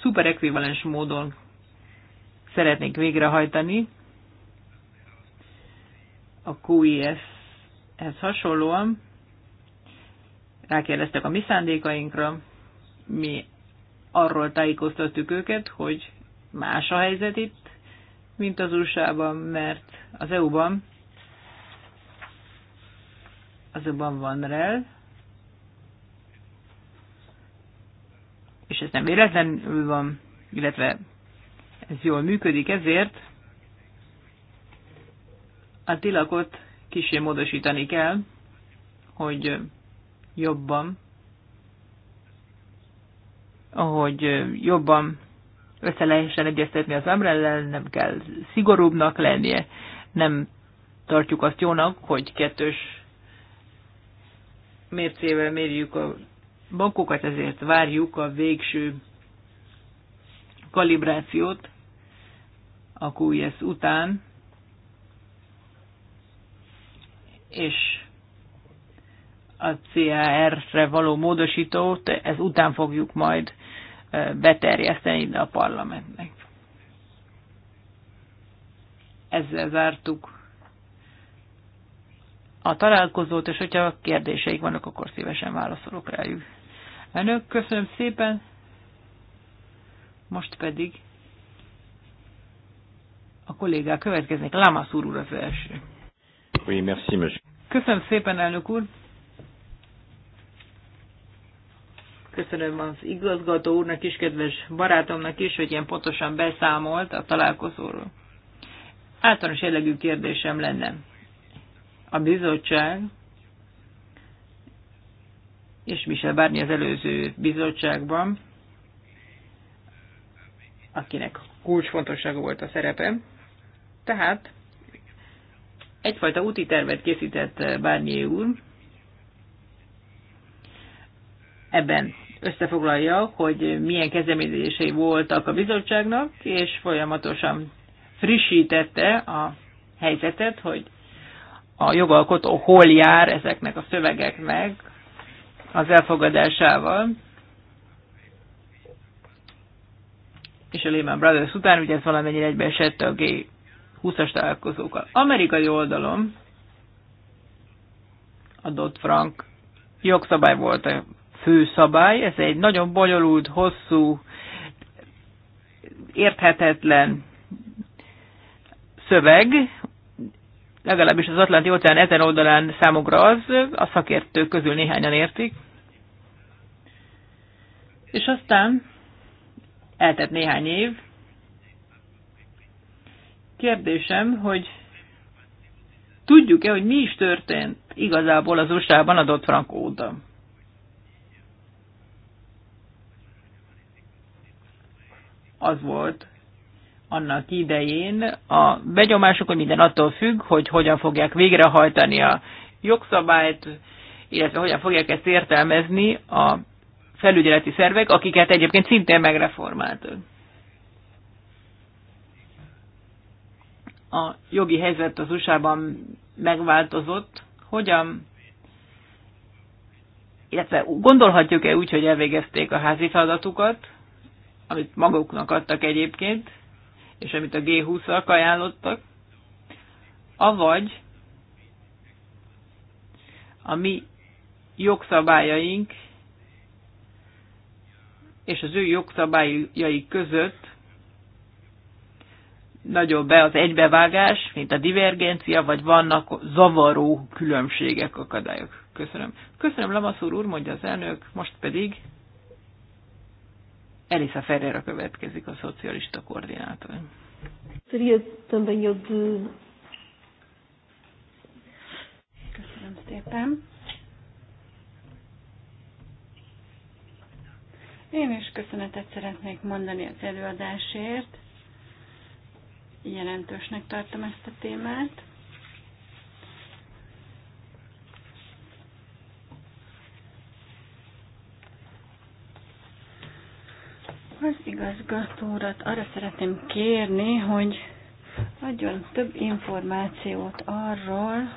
szuperekvivalens módon szeretnék végrehajtani a QIS-hez e hasonlóan. Rákérdeztek a mi szándékainkra, mi arról tájékoztattuk őket, hogy más a helyzet itt, mint az USA-ban, mert az EU-ban azonban van rel, és ez nem véletlenül van, illetve ez jól működik, ezért a tilakot kicsi módosítani kell, hogy jobban, ahogy jobban össze lehessen egyeztetni az umbrella, nem kell szigorúbbnak lennie, nem tartjuk azt jónak, hogy kettős mércével mérjük a bankokat, ezért várjuk a végső kalibrációt a QS után, és a CAR-re való módosítót, ez után fogjuk majd beterjeszteni ide a parlamentnek. Ezzel zártuk a találkozót, és hogyha kérdéseik vannak, akkor szívesen válaszolok rájuk. Önök, köszönöm szépen! Most pedig a kollégák következnek. Lamas úr úr az első. Oui, merci, Köszönöm szépen, elnök úr! Köszönöm az igazgató úrnak is, kedves barátomnak is, hogy ilyen pontosan beszámolt a találkozóról. Általános jellegű kérdésem lenne a bizottság és Michel Bárni az előző bizottságban, akinek kulcsfontossága volt a szerepe. Tehát egyfajta úti tervet készített Barnier úr, ebben összefoglalja, hogy milyen kezdeményezései voltak a bizottságnak, és folyamatosan frissítette a helyzetet, hogy a jogalkotó hol jár ezeknek a szövegeknek az elfogadásával. És a Lehman Brothers után, ugye ez valamennyire egybeesett a G20-as találkozókkal. Amerikai oldalon a Dodd-Frank jogszabály volt a fő szabály, ez egy nagyon bonyolult, hosszú, érthetetlen szöveg, legalábbis az Atlanti óceán ezen oldalán számukra az, a szakértők közül néhányan értik. És aztán eltett néhány év. Kérdésem, hogy tudjuk-e, hogy mi is történt igazából az USA-ban adott Frank óta? Az volt annak idején a begyomásokon minden attól függ, hogy hogyan fogják végrehajtani a jogszabályt, illetve hogyan fogják ezt értelmezni a felügyeleti szervek, akiket egyébként szintén megreformáltak. A jogi helyzet az USA-ban megváltozott. Hogyan, illetve gondolhatjuk-e úgy, hogy elvégezték a házi feladatukat, amit maguknak adtak egyébként, és amit a G20-ak ajánlottak, avagy a mi jogszabályaink és az ő jogszabályai között nagyobb be az egybevágás, mint a divergencia, vagy vannak zavaró különbségek, akadályok. Köszönöm. Köszönöm, Lamaszúr úr, mondja az elnök, most pedig Elisa Ferreira következik a szocialista koordinátor. Köszönöm szépen. Én is köszönetet szeretnék mondani az előadásért. Jelentősnek tartom ezt a témát. Az igazgatórat arra szeretném kérni, hogy adjon több információt arról,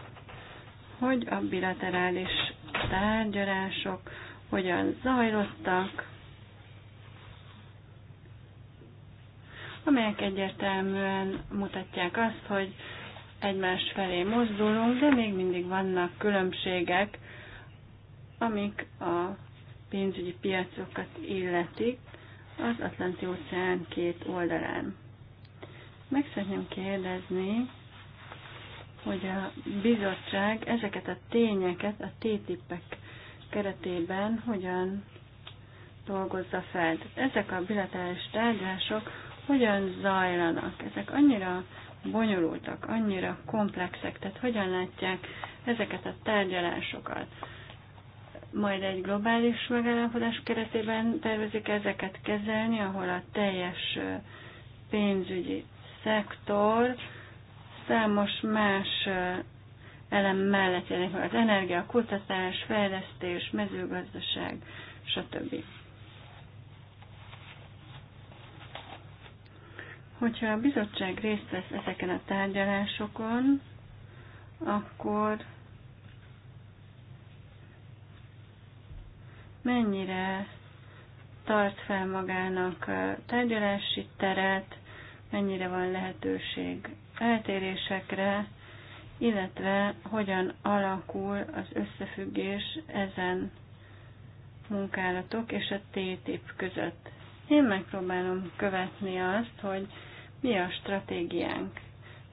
hogy a bilaterális tárgyalások hogyan zajlottak, amelyek egyértelműen mutatják azt, hogy egymás felé mozdulunk, de még mindig vannak különbségek, amik a pénzügyi piacokat illetik, az Atlanti óceán két oldalán. Meg szeretném kérdezni, hogy a bizottság ezeket a tényeket a TTIP-ek keretében hogyan dolgozza fel. Ezek a bilaterális tárgyalások hogyan zajlanak? Ezek annyira bonyolultak, annyira komplexek, tehát hogyan látják ezeket a tárgyalásokat? majd egy globális megállapodás keretében tervezik ezeket kezelni, ahol a teljes pénzügyi szektor számos más elem mellett jelenik meg az energia, a kutatás, fejlesztés, mezőgazdaság, stb. Hogyha a bizottság részt vesz ezeken a tárgyalásokon, akkor mennyire tart fel magának tárgyalási teret, mennyire van lehetőség eltérésekre, illetve hogyan alakul az összefüggés ezen munkálatok és a TTIP között. Én megpróbálom követni azt, hogy mi a stratégiánk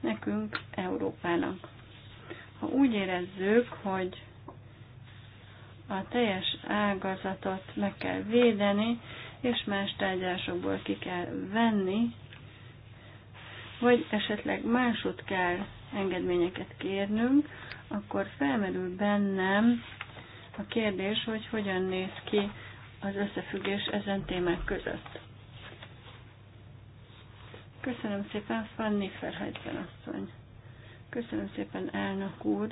nekünk, Európának. Ha úgy érezzük, hogy a teljes ágazatot meg kell védeni, és más tárgyásokból ki kell venni, vagy esetleg másod kell engedményeket kérnünk, akkor felmerül bennem a kérdés, hogy hogyan néz ki az összefüggés ezen témák között. Köszönöm szépen, Fanny Ferhajtven asszony. Köszönöm szépen, elnök úr.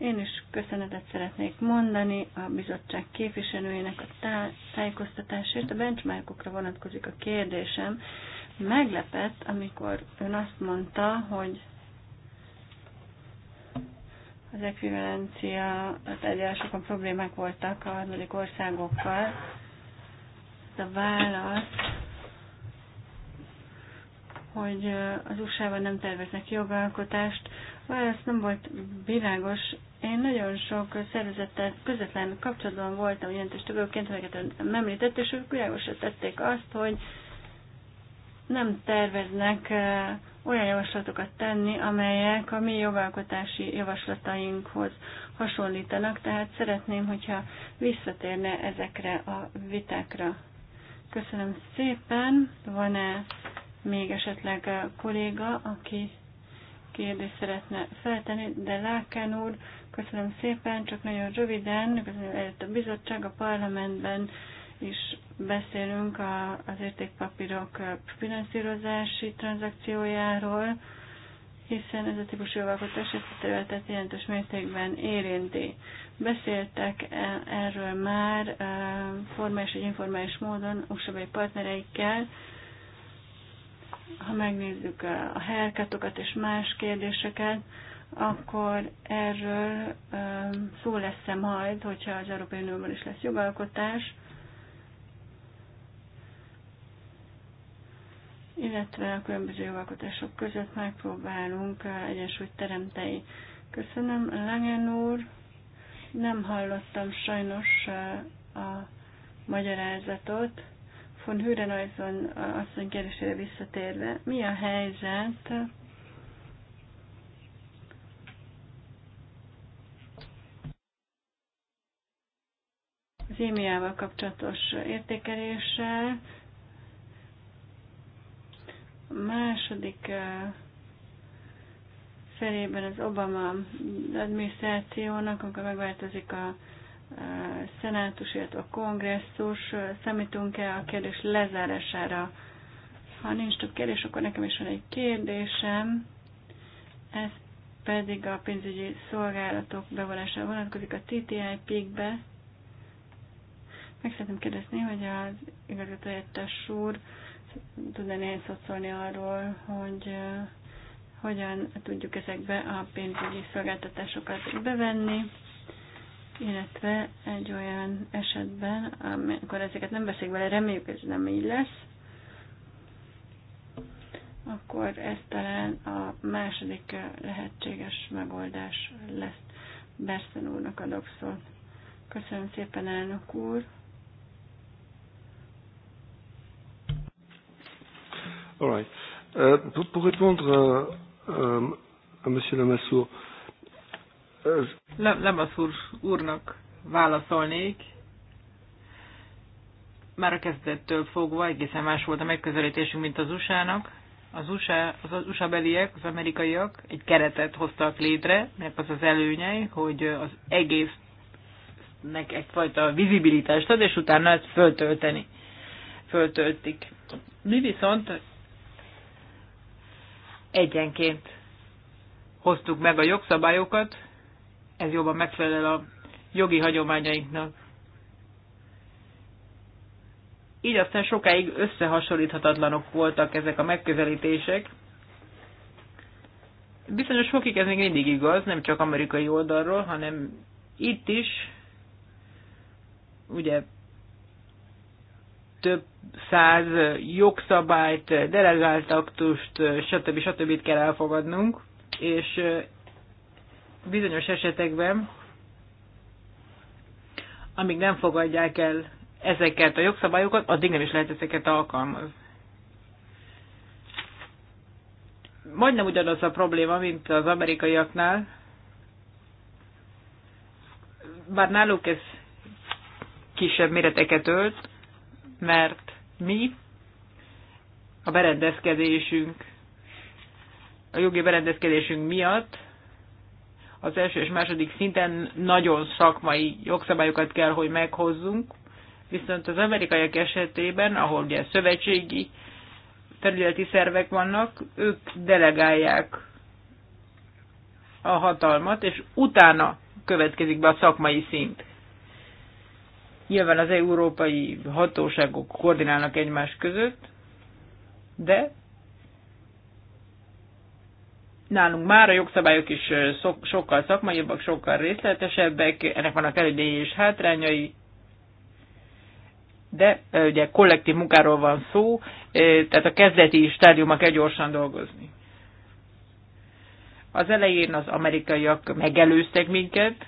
Én is köszönetet szeretnék mondani a bizottság képviselőjének a tájékoztatásért. A benchmarkokra vonatkozik a kérdésem. Meglepett, amikor ön azt mondta, hogy az ekvivalencia sokan problémák voltak a harmadik országokkal. Ez a válasz, hogy az USA-ban nem terveznek jogalkotást, ez nem volt világos, én nagyon sok szervezettel közvetlen kapcsolatban voltam jelentős tagokként, amelyeket nem említett, és ők világosra tették azt, hogy nem terveznek olyan javaslatokat tenni, amelyek a mi jogalkotási javaslatainkhoz hasonlítanak, tehát szeretném, hogyha visszatérne ezekre a vitákra. Köszönöm szépen. Van-e még esetleg a kolléga, aki kérdést szeretne feltenni, de Láken úr, Köszönöm szépen, csak nagyon röviden, itt a bizottság a parlamentben is beszélünk a, az értékpapírok finanszírozási tranzakciójáról, hiszen ez a típusú jogalkotás ezt a területet jelentős mértékben érinti. Beszéltek e, erről már e, formális vagy informális módon usa partnereikkel, ha megnézzük a herkatokat és más kérdéseket, akkor erről um, szó lesz -e majd, hogyha az Európai Unióban is lesz jogalkotás, illetve a különböző jogalkotások között megpróbálunk uh, egyensúlyt teremteni. Köszönöm, Langen úr. Nem hallottam sajnos uh, a magyarázatot. Von Hürenajzon uh, asszony kérdésére visszatérve, mi a helyzet leukémiával kapcsolatos értékeléssel. A második felében az Obama adminisztrációnak, amikor megváltozik a szenátus, illetve a kongresszus, számítunk-e a kérdés lezárására? Ha nincs több kérdés, akkor nekem is van egy kérdésem. Ez pedig a pénzügyi szolgálatok bevonására vonatkozik a TTIP-be. Meg szeretném kérdezni, hogy az helyettes úr tudna néhány szót szólni arról, hogy hogyan tudjuk ezekbe a pénzügyi szolgáltatásokat bevenni, illetve egy olyan esetben, amikor ezeket nem veszik bele, reméljük ez nem így lesz, akkor ez talán a második lehetséges megoldás lesz. Berszen úrnak adok szót. Köszönöm szépen, elnök úr! All right. Euh, pour, répondre euh, euh, à M. Lamassoure. Lamassoure úrnak válaszolnék. Már a kezdettől fogva egészen más volt a megközelítésünk, mint az USA-nak. Az USA, az, az USA beliek, az amerikaiak egy keretet hoztak létre, mert az az előnye, hogy az egésznek egyfajta vizibilitást ad, és utána ezt föltölteni. Föltöltik. Mi viszont egyenként hoztuk meg a jogszabályokat, ez jobban megfelel a jogi hagyományainknak. Így aztán sokáig összehasonlíthatatlanok voltak ezek a megközelítések. Bizonyos fokig ez még mindig igaz, nem csak amerikai oldalról, hanem itt is, ugye több száz jogszabályt, delegált aktust, stb. stb. kell elfogadnunk, és bizonyos esetekben, amíg nem fogadják el ezeket a jogszabályokat, addig nem is lehet ezeket alkalmazni. Majdnem ugyanaz a probléma, mint az amerikaiaknál, bár náluk ez kisebb méreteket ölt, mert mi a berendezkedésünk, a jogi berendezkedésünk miatt az első és második szinten nagyon szakmai jogszabályokat kell, hogy meghozzunk, viszont az amerikaiak esetében, ahol ugye szövetségi területi szervek vannak, ők delegálják a hatalmat, és utána következik be a szakmai szint. Nyilván az európai hatóságok koordinálnak egymás között, de nálunk már a jogszabályok is sokkal szakmaiabbak, sokkal részletesebbek, ennek vannak előnyei és hátrányai, de ugye kollektív munkáról van szó, tehát a kezdeti stádiumban kell gyorsan dolgozni. Az elején az amerikaiak megelőztek minket,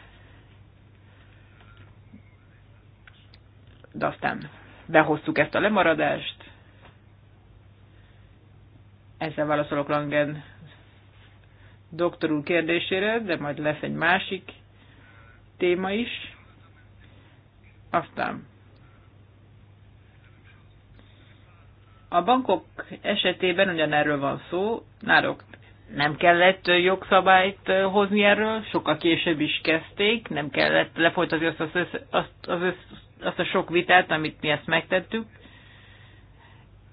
de aztán behoztuk ezt a lemaradást. Ezzel válaszolok Langen doktor úr kérdésére, de majd lesz egy másik téma is. Aztán a bankok esetében ugyanerről van szó, náluk nem kellett jogszabályt hozni erről, sokkal később is kezdték, nem kellett lefolytatni azt az, össz, azt az azt a sok vitát, amit mi ezt megtettük,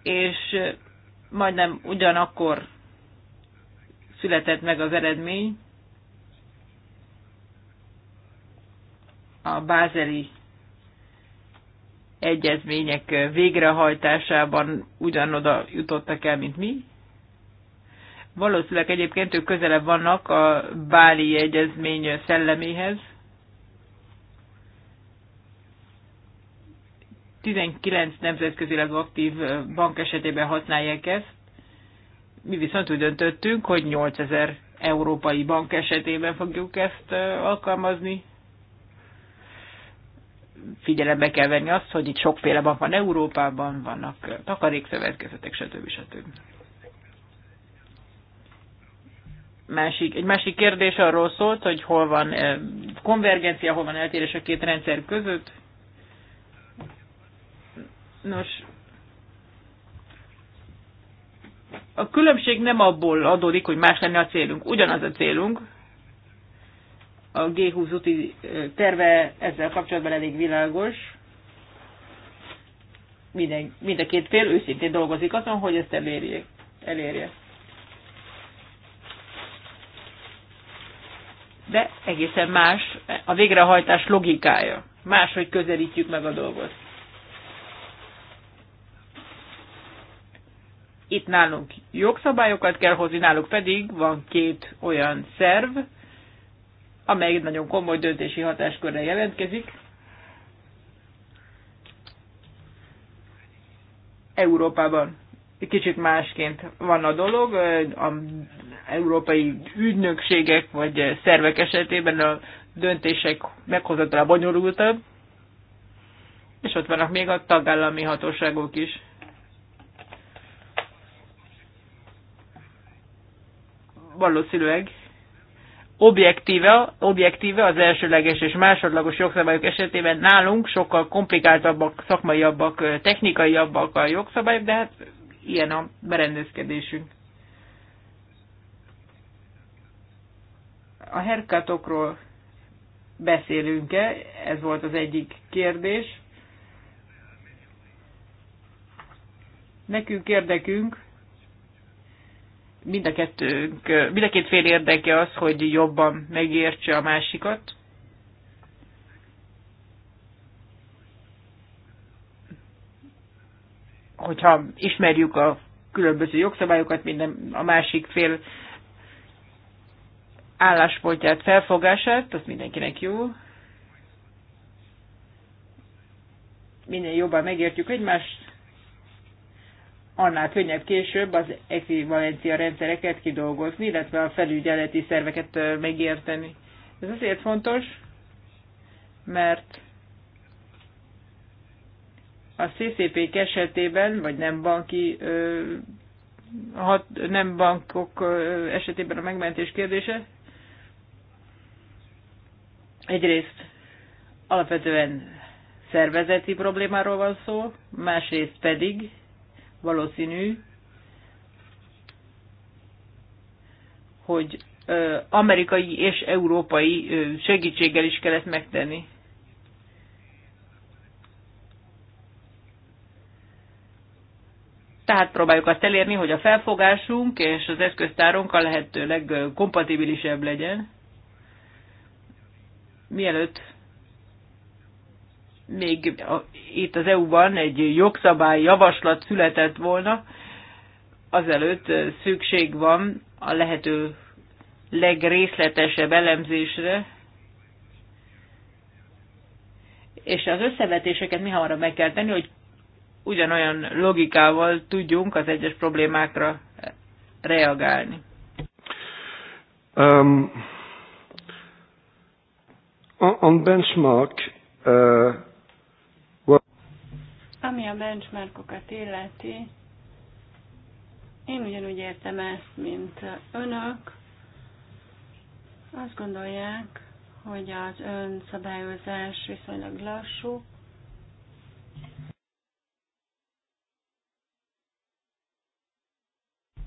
és majdnem ugyanakkor született meg az eredmény, a bázeli egyezmények végrehajtásában ugyanoda jutottak el, mint mi. Valószínűleg egyébként ők közelebb vannak a báli egyezmény szelleméhez, 19 nemzetközileg aktív bank esetében használják ezt. Mi viszont úgy döntöttünk, hogy 8000 európai bank esetében fogjuk ezt alkalmazni. Figyelembe kell venni azt, hogy itt sokféle bank van Európában, vannak takarékszövetkezetek, stb. stb. Másik, egy másik kérdés arról szólt, hogy hol van konvergencia, hol van eltérés a két rendszer között. Nos, a különbség nem abból adódik, hogy más lenne a célunk. Ugyanaz a célunk. A G20 úti terve ezzel kapcsolatban elég világos. Minden, mind a két fél őszintén dolgozik azon, hogy ezt elérje. elérje. De egészen más a végrehajtás logikája. Máshogy közelítjük meg a dolgot. Itt nálunk jogszabályokat kell hozni, náluk pedig van két olyan szerv, amely nagyon komoly döntési hatáskörre jelentkezik. Európában kicsit másként van a dolog. A európai ügynökségek vagy szervek esetében a döntések meghozatala bonyolultabb, és ott vannak még a tagállami hatóságok is. valószínűleg objektíve, objektíve az elsőleges és másodlagos jogszabályok esetében nálunk sokkal komplikáltabbak, szakmaiabbak, technikaiabbak a jogszabályok, de hát ilyen a berendezkedésünk. A herkatokról beszélünk-e? Ez volt az egyik kérdés. Nekünk érdekünk, mind a, kettőnk, mind a két fél érdeke az, hogy jobban megértse a másikat. Hogyha ismerjük a különböző jogszabályokat, minden a másik fél álláspontját, felfogását, az mindenkinek jó. Minél jobban megértjük egymást, annál könnyebb később az ekvivalencia rendszereket kidolgozni, illetve a felügyeleti szerveket megérteni. Ez azért fontos, mert a ccp esetében, vagy nem banki hat, nem bankok esetében a megmentés kérdése, egyrészt alapvetően szervezeti problémáról van szó, másrészt pedig valószínű, hogy amerikai és európai segítséggel is kellett megtenni. Tehát próbáljuk azt elérni, hogy a felfogásunk és az eszköztárunk a lehető legkompatibilisebb legyen, mielőtt még itt az EU-ban egy jogszabály javaslat született volna, azelőtt szükség van a lehető legrészletesebb elemzésre, és az összevetéseket mi hamarabb meg kell tenni, hogy ugyanolyan logikával tudjunk az egyes problémákra reagálni. Um, on benchmark, uh, ami a benchmarkokat illeti, én ugyanúgy értem ezt, mint önök. Azt gondolják, hogy az önszabályozás viszonylag lassú,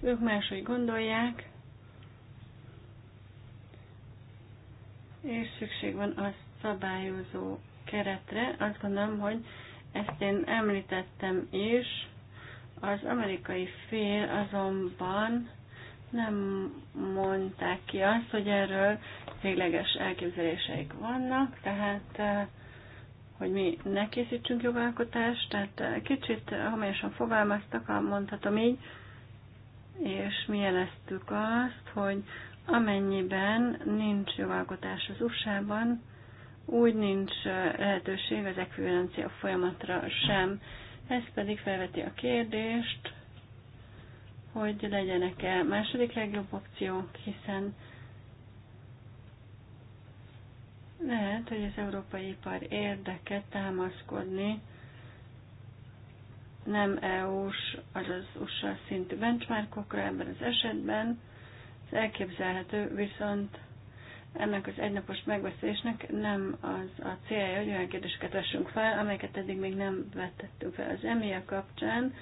ők máshogy gondolják, és szükség van a szabályozó keretre. Azt gondolom, hogy ezt én említettem is. Az amerikai fél azonban nem mondták ki azt, hogy erről végleges elképzeléseik vannak, tehát eh, hogy mi ne készítsünk jogalkotást, tehát eh, kicsit homályosan fogalmaztak, mondhatom így, és mi jeleztük azt, hogy amennyiben nincs jogalkotás az USA-ban, úgy nincs lehetőség az ekvivalencia folyamatra sem. Ez pedig felveti a kérdést, hogy legyenek-e második legjobb opciók, hiszen lehet, hogy az európai ipar érdeke támaszkodni nem EU-s, azaz USA szintű benchmarkokra ebben az esetben, ez elképzelhető, viszont ennek az egynapos megbeszélésnek nem az a célja, hogy olyan kérdéseket vessünk fel, amelyeket eddig még nem vettettünk fel. Az EMIA kapcsán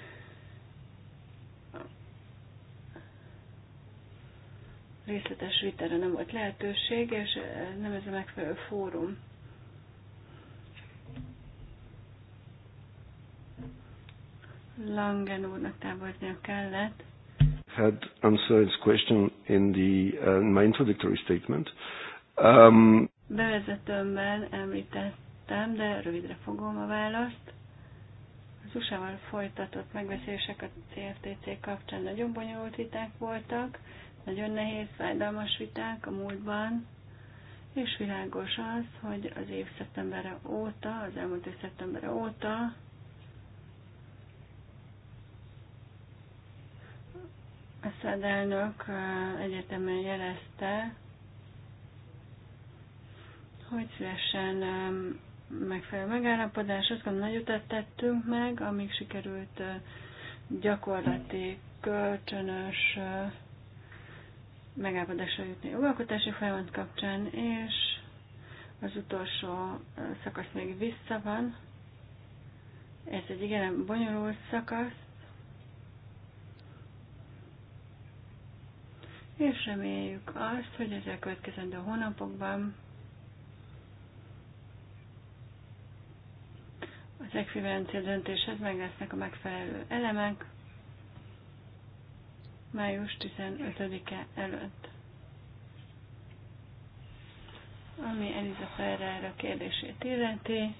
részletes vitára nem volt lehetőség, és nem ez a megfelelő fórum. Langen úrnak távoznia kellett. Had answered his question in the uh, my introductory statement. Um, Bevezetőmben említettem, de rövidre fogom a választ. Az USA-val folytatott megbeszélések a CFTC kapcsán nagyon bonyolult viták voltak, nagyon nehéz, fájdalmas viták a múltban, és világos az, hogy az év szeptemberre óta, az elmúlt év szeptemberre óta a szedelnök uh, egyetemen jelezte, hogy szívesen um, megfelelő megállapodás. Azt gondolom, nagy utat tettünk meg, amíg sikerült uh, gyakorlati, kölcsönös uh, megállapodásra jutni a jogalkotási folyamat kapcsán, és az utolsó uh, szakasz még vissza van. Ez egy igen bonyolult szakasz, és reméljük azt, hogy az elkövetkezendő hónapokban Az ekvivalencia döntéshez meg lesznek a megfelelő elemek május 15-e előtt. Ami Eliza a kérdését illeti,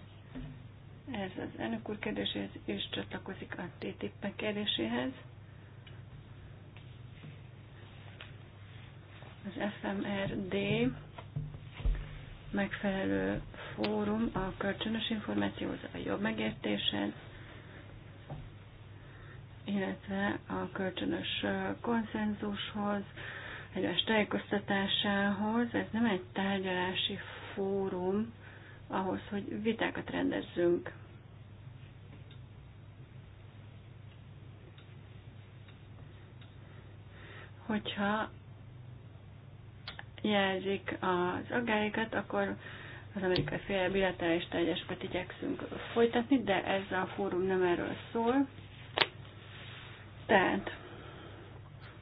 ez az elnök úr kérdéséhez, és csatlakozik a TTIP kérdéséhez. Az FMRD megfelelő fórum a kölcsönös információhoz, a jobb megértéshez, illetve a kölcsönös konszenzushoz, egymás tájékoztatásához. Ez nem egy tárgyalási fórum ahhoz, hogy vitákat rendezzünk. Hogyha jelzik az agályokat, akkor az amerikai fél bilaterális tárgyásokat igyekszünk folytatni, de ez a fórum nem erről szól. Tehát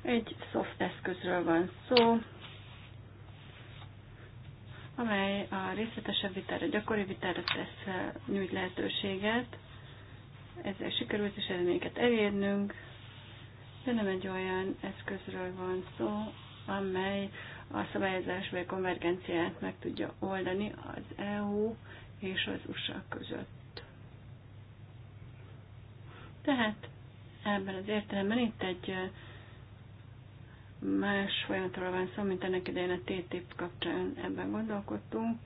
egy soft eszközről van szó, amely a részletesebb vitára, gyakori vitára tesz, eh, nyújt lehetőséget. Ezzel sikerült is eredményeket elérnünk, de nem egy olyan eszközről van szó, amely a szabályozás vagy a konvergenciát meg tudja oldani az EU és az USA között. Tehát ebben az értelemben itt egy más folyamatról van szó, mint ennek idején a TTIP kapcsán ebben gondolkodtunk.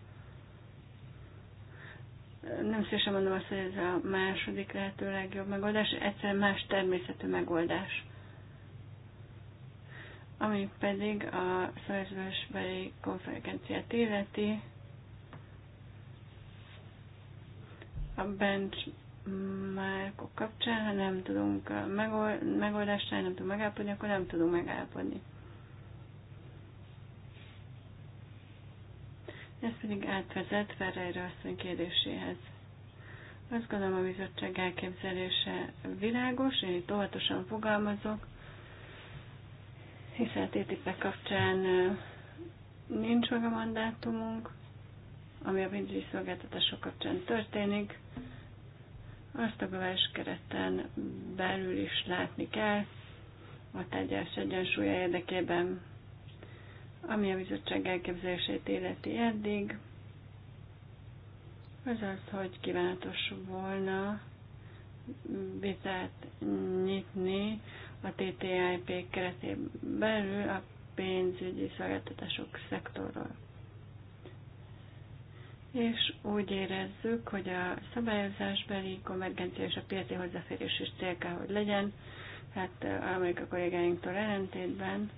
Nem szívesen mondom azt, hogy ez a második lehető legjobb megoldás, egyszerűen más természetű megoldás ami pedig a szerzősbeli konferenciát illeti, a benchmarkok kapcsán, ha nem tudunk uh, megoldást találni, nem tudunk megállapodni, akkor nem tudunk megállapodni. Ez pedig átvezet Ferreira asszony kérdéséhez. Azt gondolom a bizottság elképzelése világos, én itt óvatosan fogalmazok, hiszen a kapcsán nincs meg a mandátumunk, ami a pénzügyi szolgáltatások kapcsán történik, azt a bevás kereten belül is látni kell, a tárgyás egyensúlya érdekében, ami a bizottság elképzelését életi eddig, az az, hogy kívánatos volna vitát nyitni a TTIP keretében belül a pénzügyi szolgáltatások szektorról. És úgy érezzük, hogy a szabályozásbeli konvergencia és a piaci hozzáférés is cél kell, hogy legyen. Hát eh, a kollégáinktól ellentétben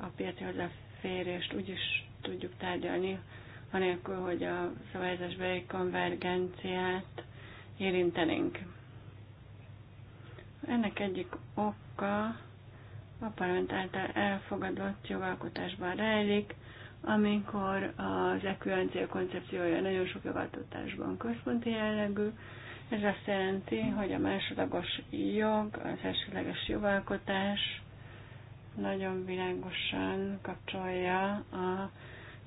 a piaci hozzáférést úgy is tudjuk tárgyalni, anélkül, hogy a szabályozásbeli konvergenciát érintenénk. Ennek egyik oka a parlament által elfogadott jogalkotásban rejlik, amikor az ekvivalencia koncepciója nagyon sok jogalkotásban központi jellegű. Ez azt jelenti, hogy a másodlagos jog, az elsőleges jogalkotás nagyon világosan kapcsolja a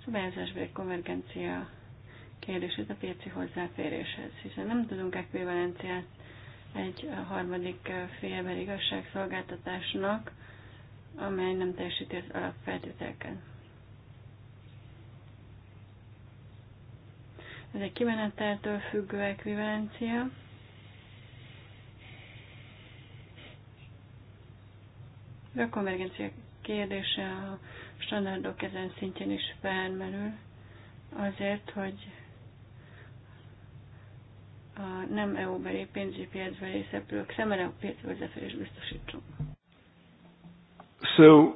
szabályozásbeli konvergencia kérdését a piaci hozzáféréshez, hiszen nem tudunk ekvivalenciát egy harmadik eh, félben igazságszolgáltatásnak, amely nem teljesíti az alapfeltételeket. Ez egy kimeneteltől függő ekvivalencia. A konvergencia kérdése a standardok ezen szintjén is felmerül, azért, hogy a nem EU-beli pénzügyi piacbeli részepülők szemben a piaci hozzáférés biztosítsunk. So,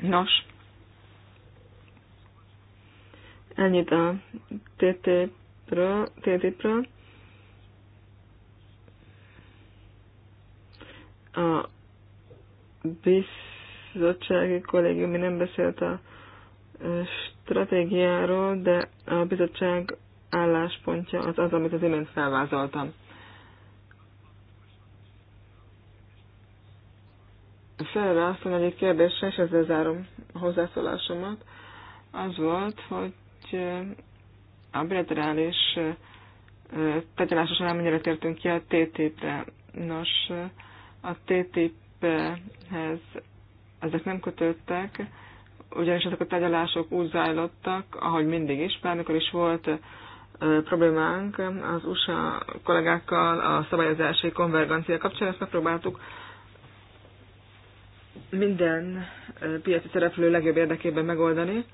Nos, ennyit a TTIP-ről. TTIP-ről. A bizottsági kollégium nem beszélt a stratégiáról, de a bizottság álláspontja az az, amit az imént felvázoltam. Felre azt mondja, egy kérdésre, és ezzel zárom a hozzászólásomat, az volt, hogy eh, a bilaterális eh, tegyelása során mennyire tértünk ki a TTIP-re. Nos, eh, a TTIP-hez ezek nem kötődtek, ugyanis ezek a tegyelások úgy zajlottak, ahogy mindig is, bármikor is volt problémánk az USA kollégákkal a szabályozási konvergencia kapcsán, ezt megpróbáltuk minden piaci szereplő legjobb érdekében megoldani.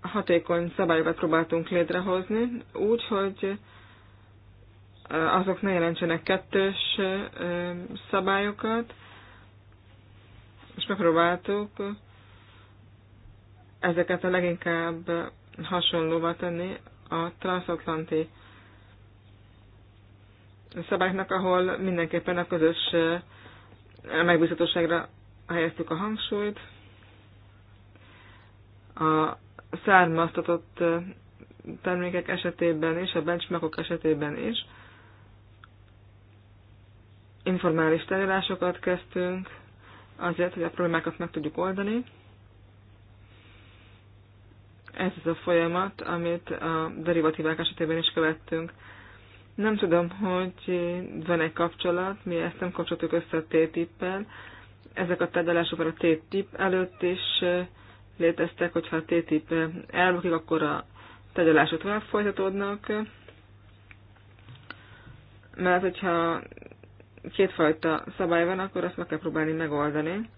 Hatékony szabályokat próbáltunk létrehozni, úgy, hogy azok ne jelentsenek kettős szabályokat, és megpróbáltuk ezeket a leginkább hasonlóvá tenni a transatlanti szabályoknak, ahol mindenképpen a közös megbízhatóságra helyeztük a hangsúlyt. A származtatott termékek esetében is, a benchmarkok esetében is informális tárgyalásokat kezdtünk azért, hogy a problémákat meg tudjuk oldani. Ez az a folyamat, amit a derivatívák esetében is követtünk. Nem tudom, hogy van-e kapcsolat, mi ezt nem kapcsoltuk össze a T-tippel. Ezek a tárgyalások már a T-tipp előtt is léteztek, hogyha a T-tipp elbukik, akkor a tárgyalások tovább folytatódnak. Mert hogyha kétfajta szabály van, akkor azt meg kell próbálni megoldani.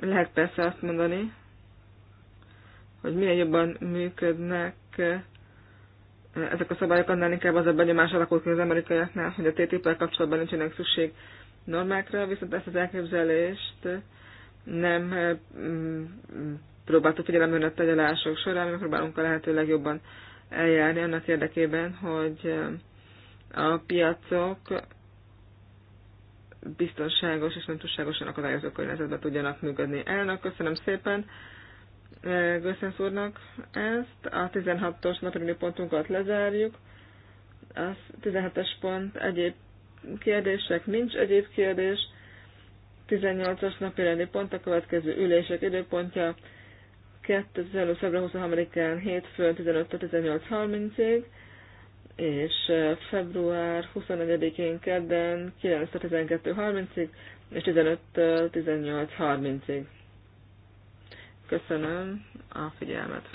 Lehet persze azt mondani, hogy milyen jobban működnek eh, ezek a szabályok, annál inkább az a benyomás alakult ki az amerikaiaknál, hogy a ttip kapcsolatban nincsenek szükség normákra, viszont ezt az elképzelést nem eh, mm, próbáltuk figyelembe a tegyelások során, mi próbálunk a lehető legjobban eljárni annak érdekében, hogy eh, a piacok biztonságos és nem túlságosan akadályozó környezetben tudjanak működni. Elnök, köszönöm szépen! Gösszensz úrnak ezt. A 16-os napi pontunkat lezárjuk. A 17-es pont egyéb kérdések, nincs egyéb kérdés. 18-as napi pont a következő ülések időpontja 2000. február 23-án hétfőn 15-18.30-ig, és február 24-én kedden 9-12.30-ig, és 15-18.30-ig. Köszönöm a figyelmet.